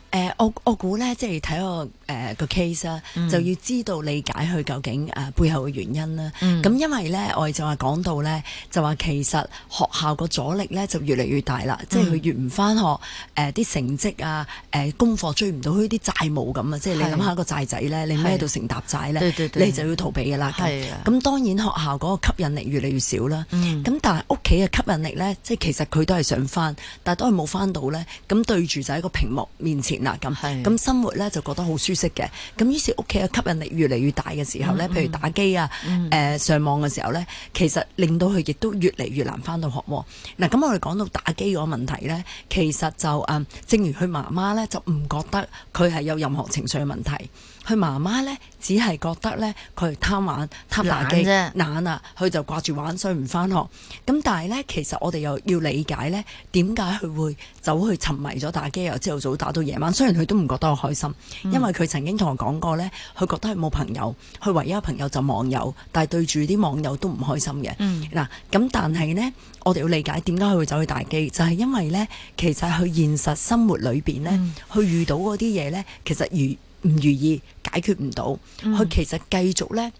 誒、呃，我我估咧，即係睇個誒個 case 啦，啊，嗯、就要知道理解佢究竟、呃、背後嘅原因啦。咁、嗯、因為咧，我哋就話講到咧，就話其實學校個阻力咧就越嚟越大啦。嗯、即係佢越唔翻學，誒、呃、啲成績啊，誒、呃、功課追唔到債務，佢啲債務咁啊。即係你諗下個債仔咧，你孭到成沓債咧，對對對你就要逃避嘅啦。咁當然學校嗰個吸引力越嚟越少啦。咁、嗯、但係屋企嘅吸引力咧，即係其實佢都係想翻，但係都係冇翻到咧。咁對住就喺個屏幕面前。嗱咁，咁生活咧就覺得好舒適嘅，咁於是屋企嘅吸引力越嚟越大嘅時候咧，嗯、譬如打機啊、嗯呃，上網嘅時候咧，其實令到佢亦都越嚟越難返到學。嗱，咁我哋講到打機嗰個問題咧，其實就誒、嗯，正如佢媽媽咧，就唔覺得佢係有任何情緒嘅問題。佢媽媽呢，只係覺得呢，佢貪玩、貪打機、懶、懶啊，佢就掛住玩，所以唔返學。咁但係呢，其實我哋又要理解呢，點解佢會走去沉迷咗打機，由朝頭早打到夜晚。雖然佢都唔覺得我開心，嗯、因為佢曾經同我講過呢，佢覺得係冇朋友，佢唯一嘅朋友就網友，但係對住啲網友都唔開心嘅。嗱、嗯，咁但係呢，我哋要理解點解佢會走去打機，就係、是、因為呢，其實佢現實生活裏面呢，佢遇到嗰啲嘢呢，其實如唔如意，解決唔到，佢其實繼續呢，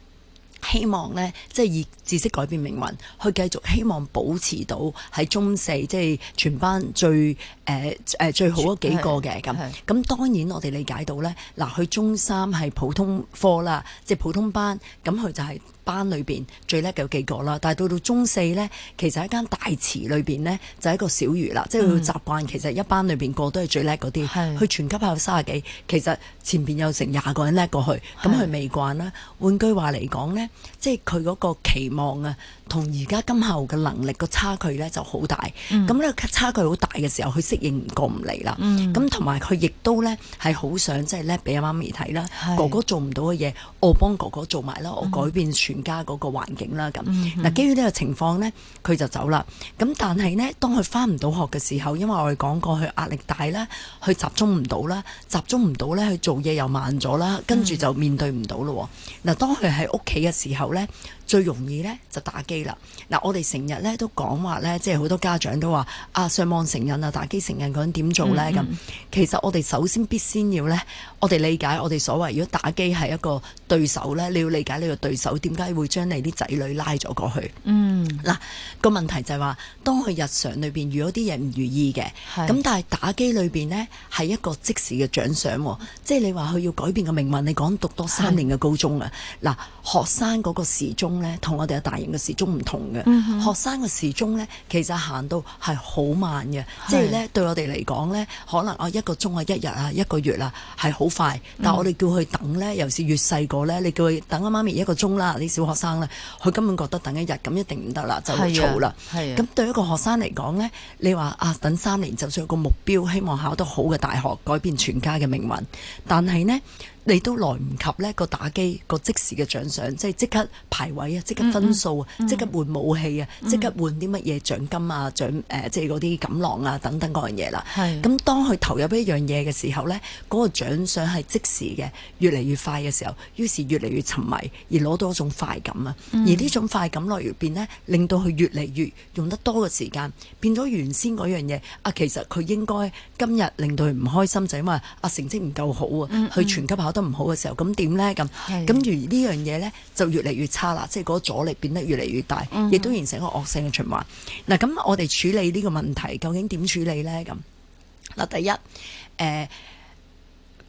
希望呢，即係以知識改變命運，佢繼續希望保持到喺中四，即係全班最誒誒、呃、最好嗰幾個嘅咁。咁當然我哋理解到呢。嗱，佢中三係普通科啦，即係普通班，咁佢就係、係。班裏邊最叻嘅有幾個啦，但係到到中四呢，其實喺間大池裏邊呢，就係、是、一個小魚啦，嗯、即係佢習慣。其實一班裏邊個個都係最叻嗰啲，佢是全級考三十幾，其實前邊有成廿個人叻過去。咁佢未慣啦。換句話嚟講呢，即係佢嗰個期望啊。同而家今後嘅能力個差距咧就好大，咁呢個、嗯、差距好大嘅時候，佢適應不過唔嚟啦。咁同埋佢亦都咧係好想即係叻俾阿媽咪睇啦。是哥哥做唔到嘅嘢，我幫哥哥做埋啦，嗯、我改變全家嗰個環境啦。咁嗱、嗯嗯啊，基於呢個情況咧，佢就走啦。咁但係咧，當佢翻唔到學嘅時候，因為我哋講過佢壓力大啦，佢集中唔到啦，集中唔到咧，佢做嘢又慢咗啦，跟住就面對唔到咯。嗱、嗯啊，當佢喺屋企嘅時候咧。最容易呢就打機啦！嗱，我哋成日呢都講話呢，話即係好多家長都話啊，上網成癮啊，打機成癮，咁點做呢？嗯嗯咁其實我哋首先必先要呢。我哋理解我，我哋所謂如果打機係一個對手咧，你要理解你個對手點解會將你啲仔女拉咗過去。嗯，嗱個問題就係話當佢日常裏邊遇到啲嘢唔如意嘅，咁是但係打機裏邊咧係一個即時嘅獎賞，即係你話佢要改變個命運，你講讀多三年嘅高中啊。嗱是，學生嗰個時鐘咧同我哋嘅大型嘅時鐘唔同嘅，嗯、哼學生嘅時鐘咧其實行到係好慢嘅，是即係咧對我哋嚟講咧，可能我一個鐘啊、一日啊、一個月啊係好。快，但係我哋叫佢等呢，尤其是越細個呢，你叫佢等阿媽咪一個鐘啦。啲小學生呢，佢根本覺得等一日咁一定唔得啦，就嘈啦。咁對一個學生嚟講呢，你話啊等三年，就算有個目標，希望考到好嘅大學，改變全家嘅命運，但係呢。你都來唔及咧、個打機、個即時嘅獎賞，即係即刻排位啊，即刻分數啊，即、嗯嗯、刻換武器啊，即、嗯、刻換啲乜嘢獎金啊，獎、呃、即係嗰啲錦囊啊等等嗰樣嘢啦。咁是當佢投入一樣嘢嘅時候咧，嗰、個獎賞係即時嘅，越嚟越快嘅時候，於是越嚟越沉迷而攞到一種快感啊。嗯、而呢種快感落入邊咧，令到佢越嚟越用得多嘅時間，變咗原先嗰樣嘢啊。其實佢應該今日令到佢唔開心就係、因為、啊、成績唔夠好啊，去、嗯、全級考。覺得唔好嘅時候，咁點呢？咁咁而呢樣嘢呢，就越嚟越差啦，即係嗰個阻力變得越嚟越大，亦、嗯、哼都形成一個惡性嘅循環。嗱，咁我哋處理呢個問題究竟點處理呢？咁嗱，第一，佢、呃、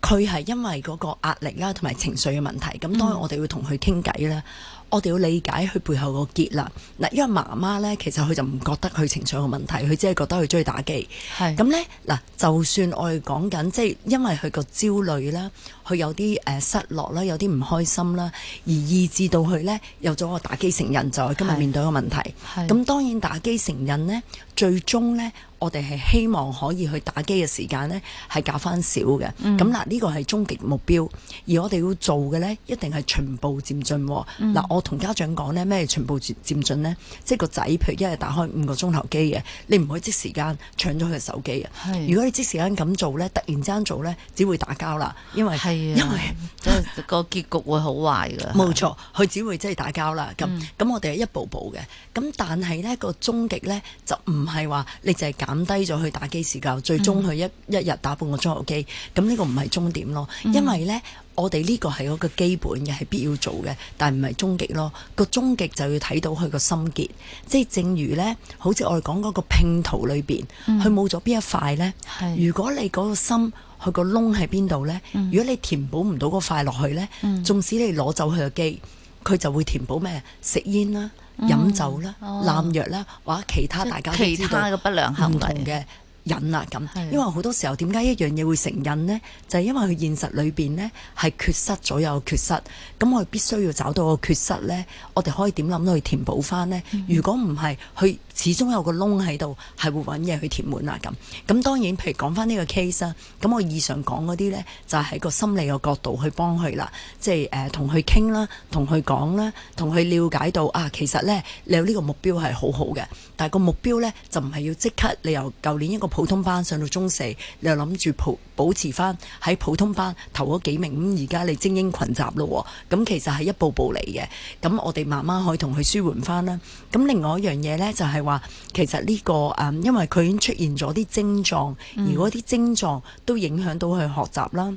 係因為嗰個壓力啦，同埋情緒嘅問題。咁當然我哋會同佢傾偈啦，嗯、我哋要理解佢背後個結啦。嗱，因為媽媽呢，其實佢就唔覺得佢情緒有問題，佢只係覺得佢中意打機。係咁咧，嗱，就算我哋講緊，即、就、係、是、因為佢個焦慮啦。佢有啲誒、呃、失落啦，有啲唔開心啦，而以致到佢呢，有咗個打機成癮，就係今日面對個問題。咁當然打機成癮呢，最終呢，我哋係希望可以去打機嘅時間呢係減翻少嘅。咁嗱，呢個係終極目標。而我哋要做嘅呢，一定係循步漸進，啊。嗱、嗯，我同家長講呢，咩循步漸漸進呢？即係個仔，譬如一日打開五個鐘頭機嘅，你唔可以即時間搶咗佢嘅手機。是如果你即時間咁做呢，突然之間做呢，只會打交啦，因為。因為即個結局會好壞噶冇錯，佢只會即係打交啦。咁咁，我哋係一步步嘅。咁但係咧個終極咧就唔係話，你就係減低咗佢打機時間，最終佢一、嗯、一日打半個鐘頭機。咁、這、呢個唔係終點咯，因為咧我哋呢個係嗰個基本嘅，係必要做嘅，但係唔係終極咯。個終極就要睇到佢個心結，即係正如咧，好似我哋講嗰個拼圖裏邊，佢冇咗邊一塊咧。如果你個心。佢個窿喺邊度呢？如果你填補唔到嗰塊落去呢，嗯、縱使你攞走佢嘅機，佢就會填補咩？食煙啦、嗯、飲酒啦、哦、濫藥啦，或者其他其大家都知道嘅不良行為嘅癮啊。咁。因為好多時候，點解一樣嘢會成癮呢？是的就係因為佢現實裏邊呢係缺失咗有缺失，咁我哋必須要找到個缺失呢，我哋可以點諗到去填補翻呢？如果唔係去。始終有個窿喺度，係會揾嘢去填滿啦，咁咁當然，譬如講翻呢個 case 啦，咁我以上講嗰啲呢，就係喺個心理嘅角度去幫佢啦，即係誒同佢傾啦，同佢講啦，同佢了解到啊，其實呢，你有呢個目標係好好嘅，但係個目標呢，就唔係要即刻你由舊年一個普通班上到中四，你又諗住保持翻喺普通班頭嗰幾名，咁而家你精英群集咯，咁其實係一步步嚟嘅，咁我哋慢慢可以同佢舒緩翻啦。咁另外一樣嘢呢，就係。話其實呢、呢個誒、嗯，因為佢已經出現咗啲症狀，如果啲症狀都影響到佢學習啦，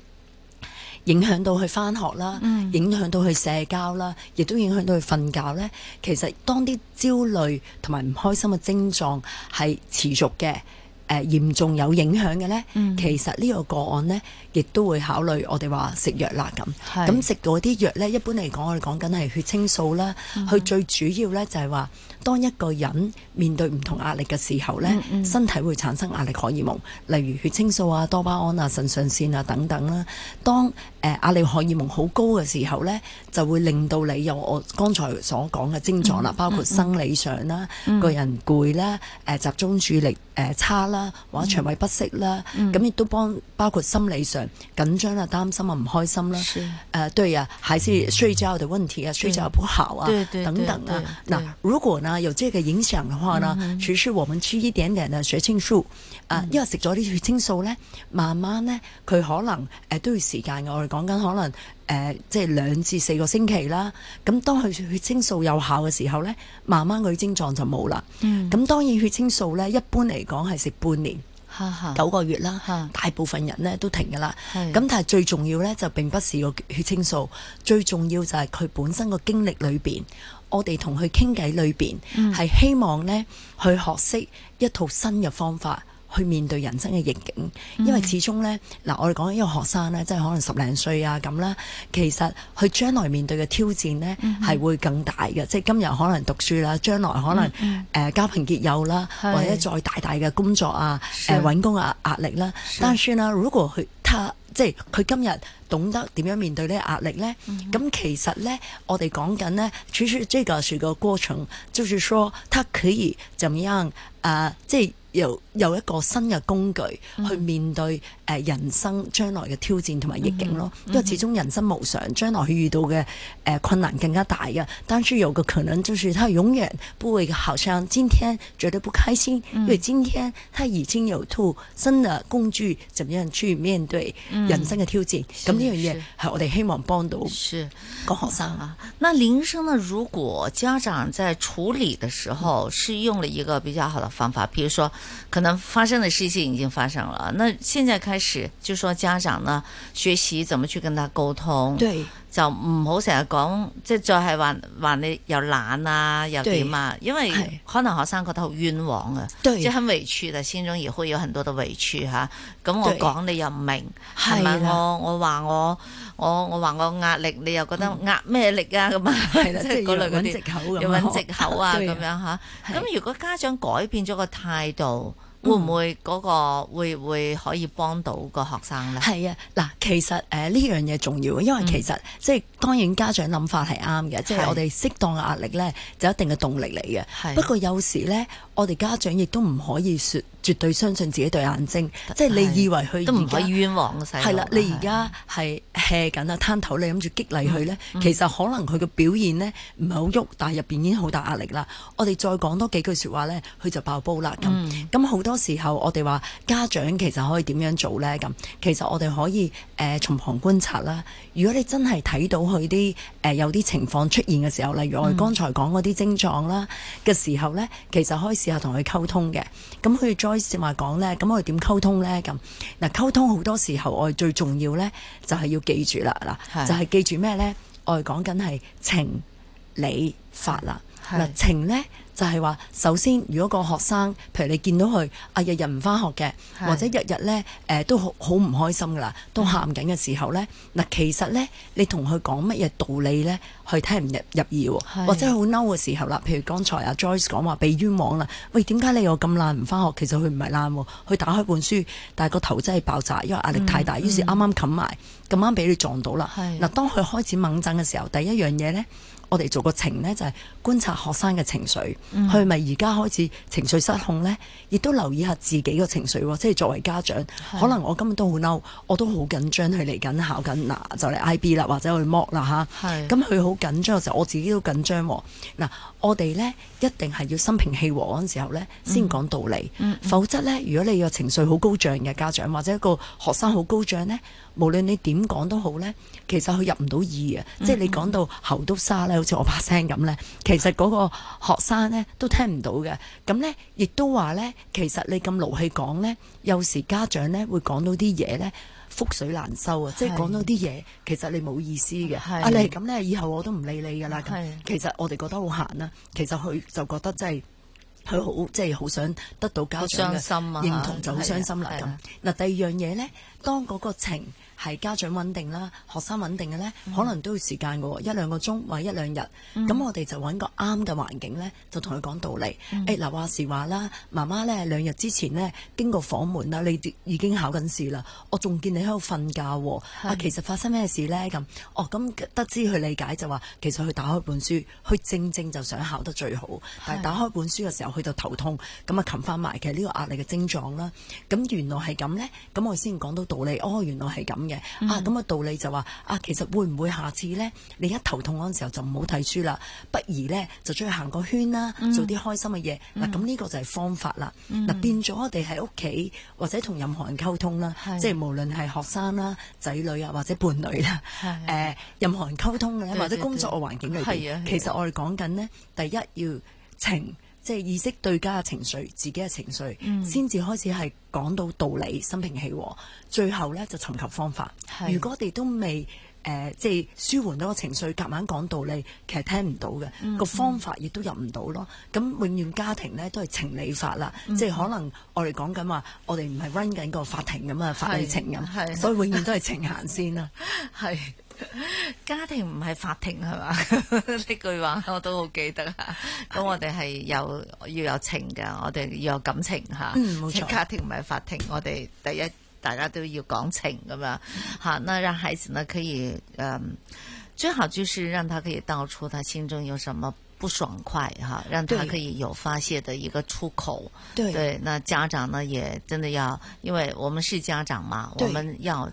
影響到佢翻學啦，嗯、影響到佢社交啦，亦都影響到佢瞓覺呢。其實當啲焦慮同埋唔開心嘅症狀係持續嘅，誒、呃、嚴重有影響嘅呢。嗯、其實呢個個案呢，亦都會考慮我哋話食藥啦，咁咁食嗰啲藥呢，一般嚟講，我哋講緊係血清素啦，佢、嗯、最主要呢就係話。當一個人面對唔同的壓力嘅時候咧，嗯嗯、身體會產生壓力荷爾蒙，例如血清素啊、多巴胺啊、腎上腺啊等等啦。當誒、呃、壓力荷爾蒙好高嘅時候咧，就會令到你有我剛才所講嘅症狀啦，嗯嗯嗯、包括生理上啦，嗯、個人攰啦，誒、呃、集中注意力誒差啦，或者腸胃不適啦，咁亦、嗯嗯、都幫包括心理上緊張啊、擔心啊、唔開心啦、啊。誒是、呃、對啊，是嗯、還是睡覺嘅問題啊，睡覺不好啊，對對對等等啊。嗱，如果呢？即這個影響嘅話呢，其實，mm hmm. 我們吃一點點嘅血清素，mm hmm. 啊，因為食咗啲血清素咧，慢慢咧佢可能誒、呃、都要時間嘅，我哋講緊可能誒即係兩至四個星期啦。咁當佢血清素有效嘅時候咧，慢慢佢症狀就冇啦。咁，mm hmm. 當然血清素咧一般嚟講係食半年，九 個月啦， 大部分人咧都停噶啦。咁 但係最重要咧就並不是個血清素，最重要就係佢本身個經歷裏邊。我哋同佢傾偈裏邊，係希望咧去學識一套新嘅方法。去面對人生嘅逆境，因為始終咧，嗱、mm hmm. 我哋講緊呢個學生咧，即係可能十零歲啊咁啦。其實佢將來面對嘅挑戰咧係、mm hmm. 會更大嘅，即係今日可能讀書啦，將來可能誒交朋結友啦，是或者再大大嘅工作啊，誒 Sure.、呃、搵工嘅壓力啦。Sure. 但係算啦，如果佢他，他即係佢今日懂得點樣面對壓力呢壓力咧，咁、mm hmm. 其實咧我哋講緊咧，只是這個這個過程，就是說他可以點樣啊、呃？即係。又有一個新嘅工具去面對。誒、呃、人生將來嘅挑戰同埋逆境咯，嗯、哼因為始終人生無常，嗯、哼將來佢遇到嘅誒、呃、困難更加大嘅。但是有個可能，就是他永遠不會好像今天覺得不開心，嗯、因為今天他已經有套新的工具，怎麼樣去面對人生嘅挑戰。咁呢、嗯嗯、樣嘢係我哋希望幫到是個是。是講學生啊，那鈴聲呢？如果家長在處理的時候，是用了一個比較好的方法，譬、嗯、如說可能發生的事情已經發生了，那現在看。開始就說家長呢，學習怎麼去跟他溝通，對，就唔好成日講，即係再係話話你又懶啊，又點啊，因為可能學生覺得好冤枉啊，即係很委屈，內心中亦會有很多的委屈吓。咁我講你又唔明，係咪我我話我我我話我壓力，你又覺得壓咩力啊？咁啊，係啦，即係搵藉口咁，搵藉口啊咁樣吓。咁如果家長改變咗個態度。會唔會嗰個會會可以幫到個學生咧？係啊，嗱，其實誒呢、呃、樣嘢重要，因為其實、嗯、即係當然家長諗法係啱嘅，是 即係我哋適當嘅壓力咧，就一定嘅動力嚟嘅。是 不過有時咧，我哋家長亦都唔可以說絕對相信自己對眼睛，是即係你以為佢都唔係冤枉嘅事。係啦，你而家係 hea 緊啊，攤頭的，你諗住激勵佢呢？嗯、其實可能佢嘅表現呢，唔係好喐，但係入邊已經好大壓力啦。我哋再講多幾句説話呢，佢就爆煲啦。咁咁好多時候，我哋話家長其實可以點樣做呢？咁其實我哋可以誒、呃、從旁觀察啦。如果你真係睇到佢啲誒有啲情況出現嘅時候，例如我哋剛才講嗰啲症狀啦嘅時候呢，其實可以試下同佢溝通嘅。咁佢再。正話講咧，咁我哋點溝通咧？咁嗱，溝通好多時候我哋最重要咧，就係要記住啦。嗱，就係記住咩咧？我哋講緊係情理法啦。嗱，情咧。就係話，首先如果個學生，譬如你見到佢啊，日日唔翻學嘅，是或者日日咧誒都好好唔開心噶啦，都喊緊嘅時候咧，嗱的其實咧，你同佢講乜嘢道理咧，佢聽唔入入耳喎，的或者好嬲嘅時候啦，譬如剛才阿 Joyce 講話被冤枉啦，喂點解你又咁懶唔翻學？其實佢唔係懶喎，佢打開本書，但係個頭真係爆炸，因為壓力太大，嗯嗯於是啱啱冚埋，咁啱俾你撞到啦。嗱的，當佢開始猛震嘅時候，第一樣嘢咧，我哋做個情咧就係、是。觀察學生嘅情緒，佢咪而家開始情緒失控呢？亦都留意下自己嘅情緒喎。即係作為家長，是可能我今日都好嬲，我都好緊張。佢嚟緊考緊嗱，就嚟 IB 啦，或者去 Mock 啦吓，咁佢好緊張嘅時候，我自己都緊張。嗱、啊，我哋呢，一定係要心平氣和嗰陣時候呢，先講道理。嗯、否則呢，如果你個情緒好高漲嘅家長，或者一個學生好高漲呢，無論你點講都好呢，其實佢入唔到耳啊。嗯嗯即係你講到喉都沙咧，好似我把聲咁呢。嗯其實嗰個學生咧都聽唔到嘅，咁咧亦都話咧，其實你咁勞氣講咧，有時家長咧會講到啲嘢咧，覆水難收啊！即係講到啲嘢，其實你冇意思嘅。係啊，你咁咧，以後我都唔理你噶啦。其實我哋覺得好閒啦，其實佢就覺得即係，佢好即係好想得到家長嘅心啊，認同，就好傷心啦。咁嗱，第二樣嘢咧，當嗰個情係家長穩定啦，學生穩定嘅呢，mm hmm. 可能都要時間嘅喎，一兩個鐘或一兩日。咁、mm hmm. 我哋就揾個啱嘅環境呢，就同佢講道理。誒嗱、mm hmm. 哎，話時話啦，媽媽呢兩日之前呢，經過房門啦，你已經考緊試啦，我仲見你喺度瞓覺喎。啊，其實發生咩事呢？咁哦，咁得知佢理解就話，其實佢打開本書，佢正正就想考得最好，mm hmm. 但係打開本書嘅時候，去到頭痛，咁啊擒翻埋其實呢個壓力嘅症狀啦。咁原來係咁呢？咁我先講到道理。哦，原來係咁。嘅、嗯、啊，咁嘅道理就話、是、啊，其實會唔會下次咧，你一頭痛嗰時候就唔好睇書啦，不如咧就出去行個圈啦，嗯、做啲開心嘅嘢。嗱、嗯，咁呢、啊、個就係方法啦。嗱、嗯啊，變咗我哋喺屋企或者同任何人溝通啦，的即係無論係學生啦、仔女啊或者伴侶啦，誒的、呃，任何人溝通咧，的或者工作嘅環境裏邊，其實我哋講緊咧，第一要情，即係意識對家嘅情緒，自己嘅情緒，先至、嗯、開始係講到道理，心平氣和。最後咧就尋求方法。是如果我哋都未即係、呃就是、舒緩到個情緒，夾硬講道理，其實聽唔到嘅，個、嗯、方法亦都入唔到咯。咁、嗯、永遠家庭咧都係情理法啦，嗯、即係可能我哋講緊話，我哋唔係 run 緊個法庭咁啊，法律情咁，所以永遠 都係情行先啦，係。家庭唔係法庭係嘛？呢 句話我都好記得啊。咁我哋係有要有情噶，我哋要有感情吓。嗯，冇錯。家庭唔係法庭，我哋第一大家都要講情咁樣吓。那讓孩子呢可以誒、嗯，最好就是讓他可以道出他心中有什麼不爽快哈，讓他可以有發泄的一個出口。對，對。那家長呢也真的要，因為我們是家長嘛，對我們要。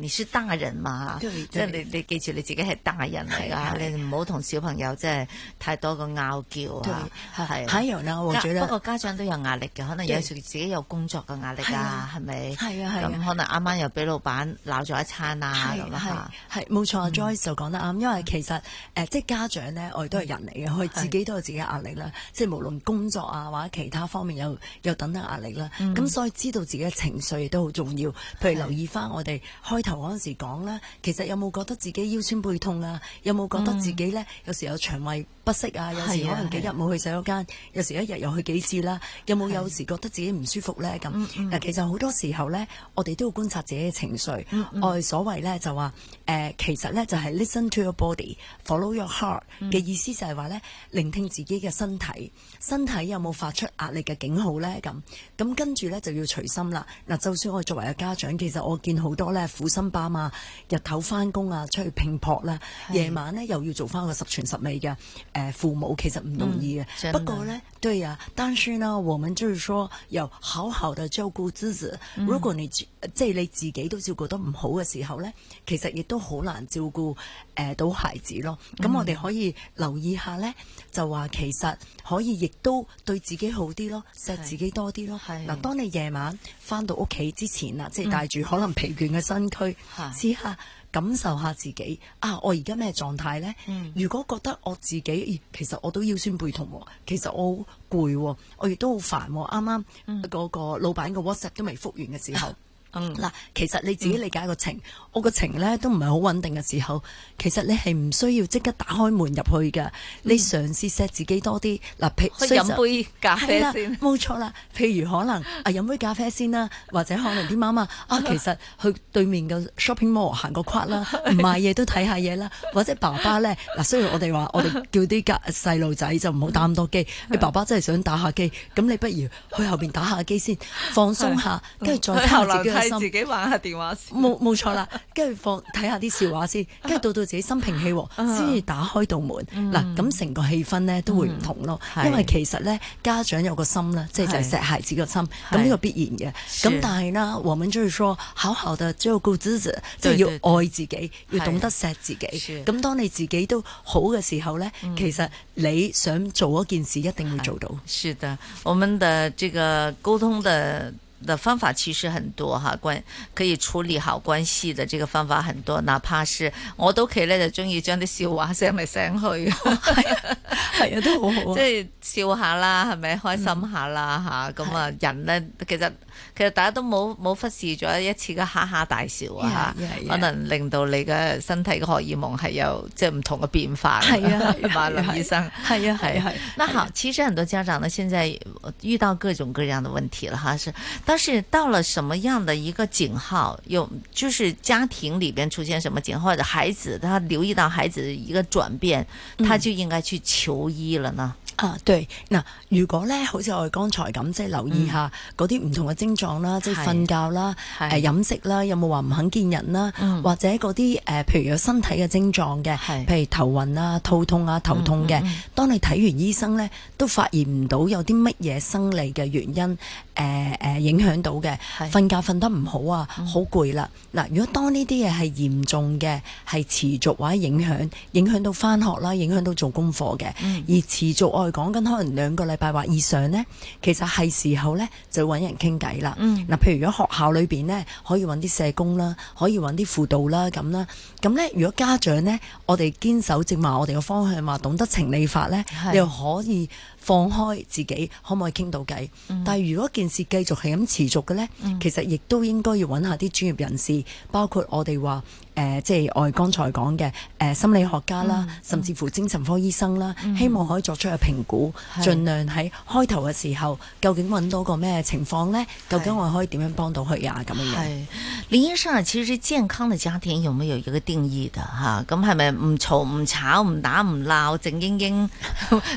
你是大人嘛？即係你，你記住你自己係大人嚟噶，你唔好同小朋友即係太多個拗叫啊。係係，係由我覺得。不過家長都有壓力嘅，可能有時自己有工作嘅壓力啊，係咪？係啊，係啊。咁可能啱啱又俾老闆鬧咗一餐啊，咁啊。係冇錯，Joyce 就講得啱，因為其實誒即係家長咧，我哋都係人嚟嘅，我哋自己都有自己壓力啦。即係無論工作啊，或者其他方面有有等等壓力啦。咁所以知道自己嘅情緒亦都好重要，譬如留意翻我哋。開頭嗰陣時講啦，其實有冇覺得自己腰酸背痛啊？有冇覺得自己呢？嗯、有時有腸胃不適啊？有時有可能幾日冇去洗手間，的有時一日又去幾次啦？有冇有，有時覺得自己唔舒服呢？咁嗱的，其實好多時候呢，我哋都要觀察自己嘅情緒。嗯、我哋所謂呢，就話誒、呃，其實呢，就係 listen to your body, follow your heart 嘅、嗯、意思就係話呢，聆聽自己嘅身體，身體有冇發出壓力嘅警號呢？咁咁跟住呢，就要隨心啦。嗱，就算我作為個家長，其實我見好多呢。苦心爸媽，日頭返工啊，出去拼搏啦，夜是晚咧又要做返個十全十美嘅、呃、父母，其實唔容易嘅。嗯、不過咧，嗯、對啊，但是呢，我們就是說又好好的照顧自己。如果你、嗯、即係你自己都照顧得唔好嘅時候咧，其實亦都好難照顧誒、呃、到孩子咯。咁我哋可以留意下咧，就話其實可以亦都對自己好啲咯，錫自己多啲咯。嗱、啊，當你夜晚。翻到屋企之前啊，即係帶住可能疲倦嘅身軀，試、嗯、下感受下自己啊！我而家咩狀態呢？嗯、如果覺得我自己，其實我都腰酸背痛，其實我好攰，我亦都好煩。啱啱嗰個老闆嘅 WhatsApp 都未覆完嘅時候。嗯嗯啊嗱，其實你自己理解個情，我個情咧都唔係好穩定嘅時候，其實你係唔需要即刻打開門入去嘅，你嘗試錫自己多啲。嗱，譬如去飲杯咖啡先。冇錯啦，譬如可能啊飲杯咖啡先啦，或者可能啲媽媽啊其實去對面嘅 shopping mall 行個圈啦，唔買嘢都睇下嘢啦，或者爸爸咧嗱，雖然我哋話我哋叫啲細路仔就唔好打咁多機，你爸爸真係想打下機，咁你不如去後面打下機先，放鬆下，跟住再靠自己。你自己玩下電話先，冇冇錯啦。跟住放睇下啲笑話先，跟住到到自己心平氣和，先至、 嗯、打開道門。嗱、嗯，咁成個氣氛咧都會唔同咯。嗯、因為其實咧，家長有個心咧，即係就錫、是、孩子個心，咁呢是個必然嘅。咁是但係咧，黃敏珠說，好好的只 o y g o o 即係要愛自己，對對對要懂得錫自己。咁是當你自己都好嘅時候咧，嗯、其實你想做一件事，一定會做到。是的，我們的這個溝通的。的方法其實很多哈，關、啊、可以處理好關係的這個方法很多，哪怕是我都企實就中意將啲笑話聲嚟聲去，係啊，係啊，都好好，即係笑，， 笑下啦，係咪開心下啦，吓咁、嗯、啊，人咧的其實。其實大家都冇冇忽視咗一次嘅哈哈大笑啊，yeah, yeah, yeah. 可能令到你嘅身體嘅荷爾蒙係有即係唔同嘅變化。係啊， 美玲醫生。係啊， 係啊。 那好，其實很多家長呢，現在遇到各種各樣的問題啦，哈，是。但是到了什麼樣的一個警號，有就是家庭裏邊出現什麼警號，或者孩子他留意到孩子一個轉變，嗯、他就應該去求醫了呢？啊，對，嗱、啊，如果咧好似我哋剛才咁，即係留意下嗰啲唔同嘅症狀啦，是即係瞓覺啦，係是、呃、飲食啦，有冇話唔肯見人啦，嗯、或者嗰啲誒，譬如有身體嘅症狀嘅，是譬如頭暈啊、肚痛啊、頭痛嘅，嗯嗯、當你睇完醫生咧，都發現唔到有啲乜嘢生理嘅原因，誒、呃、誒、呃、影響到嘅，瞓是覺瞓得唔好啊，好攰啦。嗱、啊，如果當呢啲嘢係嚴重嘅，係持續或者影響影響到返學啦，影響到，到做功課嘅，嗯、而持續在講緊可能兩個禮拜或以上呢，其實係時候呢，就揾人傾偈啦。嗱、嗯，譬如如果學校裏邊呢，可以揾啲社工啦，可以揾啲輔導啦咁啦。咁呢，如果家長呢，我哋堅守正話我哋嘅方向話懂得情理法呢，是你又可以放開自己，可唔可以傾到偈？嗯、但係如果件事繼續係咁持續嘅呢，嗯、其實亦都應該要揾下啲專業人士，包括我哋話。誒、呃，即係我哋剛才講嘅誒心理學家啦，嗯嗯、甚至乎精神科醫生啦，嗯、希望可以作出嘅評估，是盡量喺開頭嘅時候，究竟揾到個咩情況呢？是究竟我可以點樣幫到佢呀？咁樣。係，李醫生啊，其實健康嘅家庭有冇有一個定義㗎嚇咁係咪唔嘈唔吵唔打唔鬧靜英、英？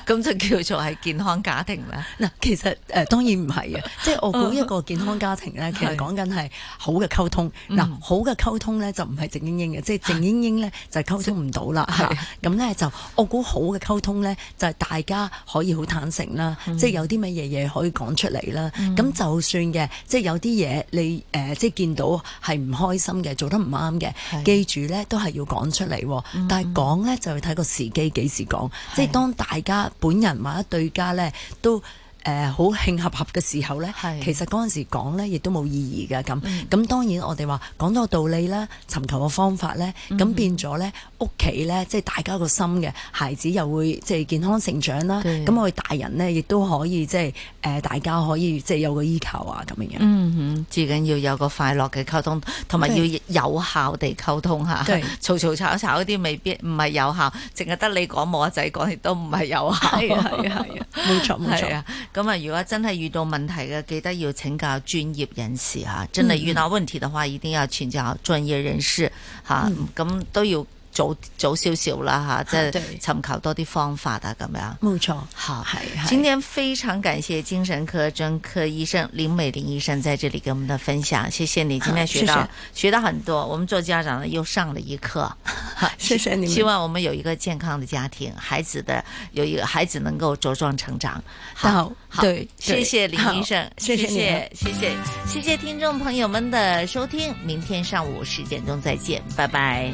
咁 就叫做係健康家庭啦嗱、呃，其實誒、呃、當然唔係啊， 嗯、即係我估一個健康家庭咧，嗯、其實講緊係好嘅溝通。嗱、嗯呃，好嘅溝通咧就唔係淨。嚶嚶嘅，即係靜英英咧就溝、是、通唔到啦，咁咧就我估好嘅溝通咧就係、是、大家可以好坦誠啦，嗯、即係有啲乜嘢嘢可以講出嚟啦。咁、嗯、就算嘅，即係有啲嘢你誒、呃，即係見到係唔開心嘅，做得唔啱嘅，是記住咧都係要講出嚟、啊。嗯、但係講咧就要睇個時機，幾時講，即係當大家本人或者對家咧都。誒好、呃、慶合合嘅時候咧，是其實嗰陣時講咧亦都冇意義嘅咁。咁當然我哋話講多個道理啦，尋求個方法咧，咁變咗咧屋企咧，即係大家個心嘅孩子又會即係健康成長啦。咁的我哋大人咧亦都可以即係誒，大家可以、呃、大家可以即係有個依靠啊咁樣。嗯、至最緊要有個快樂嘅溝通，同埋要有效地溝通嚇。嘈嘈的吵吵啲未必唔係有效，淨係得你講冇阿仔講亦都唔係有效。係啊係啊，冇 錯冇錯啊！咁啊，如果真係遇到問題嘅，記得要請教專業人士嚇。嗯、真係遇到問題的話，一定要請教專業人士嚇。咁、嗯啊、都要。早早少少啦哈，即係尋求多啲方法啊，咁樣。冇錯，好，係。今天非常感謝精神科專科醫生林美玲醫生在這裏給我們的分享，謝謝你。今天學到學到很多，我們做家長的又上了一課。好，謝謝你們。希望我們有一個健康的家庭，孩子的有一個孩子能夠茁壯成長。好，對，謝謝林醫生，謝謝，謝謝，謝謝聽眾朋友們的收聽，明天上午十點鐘再見，拜拜。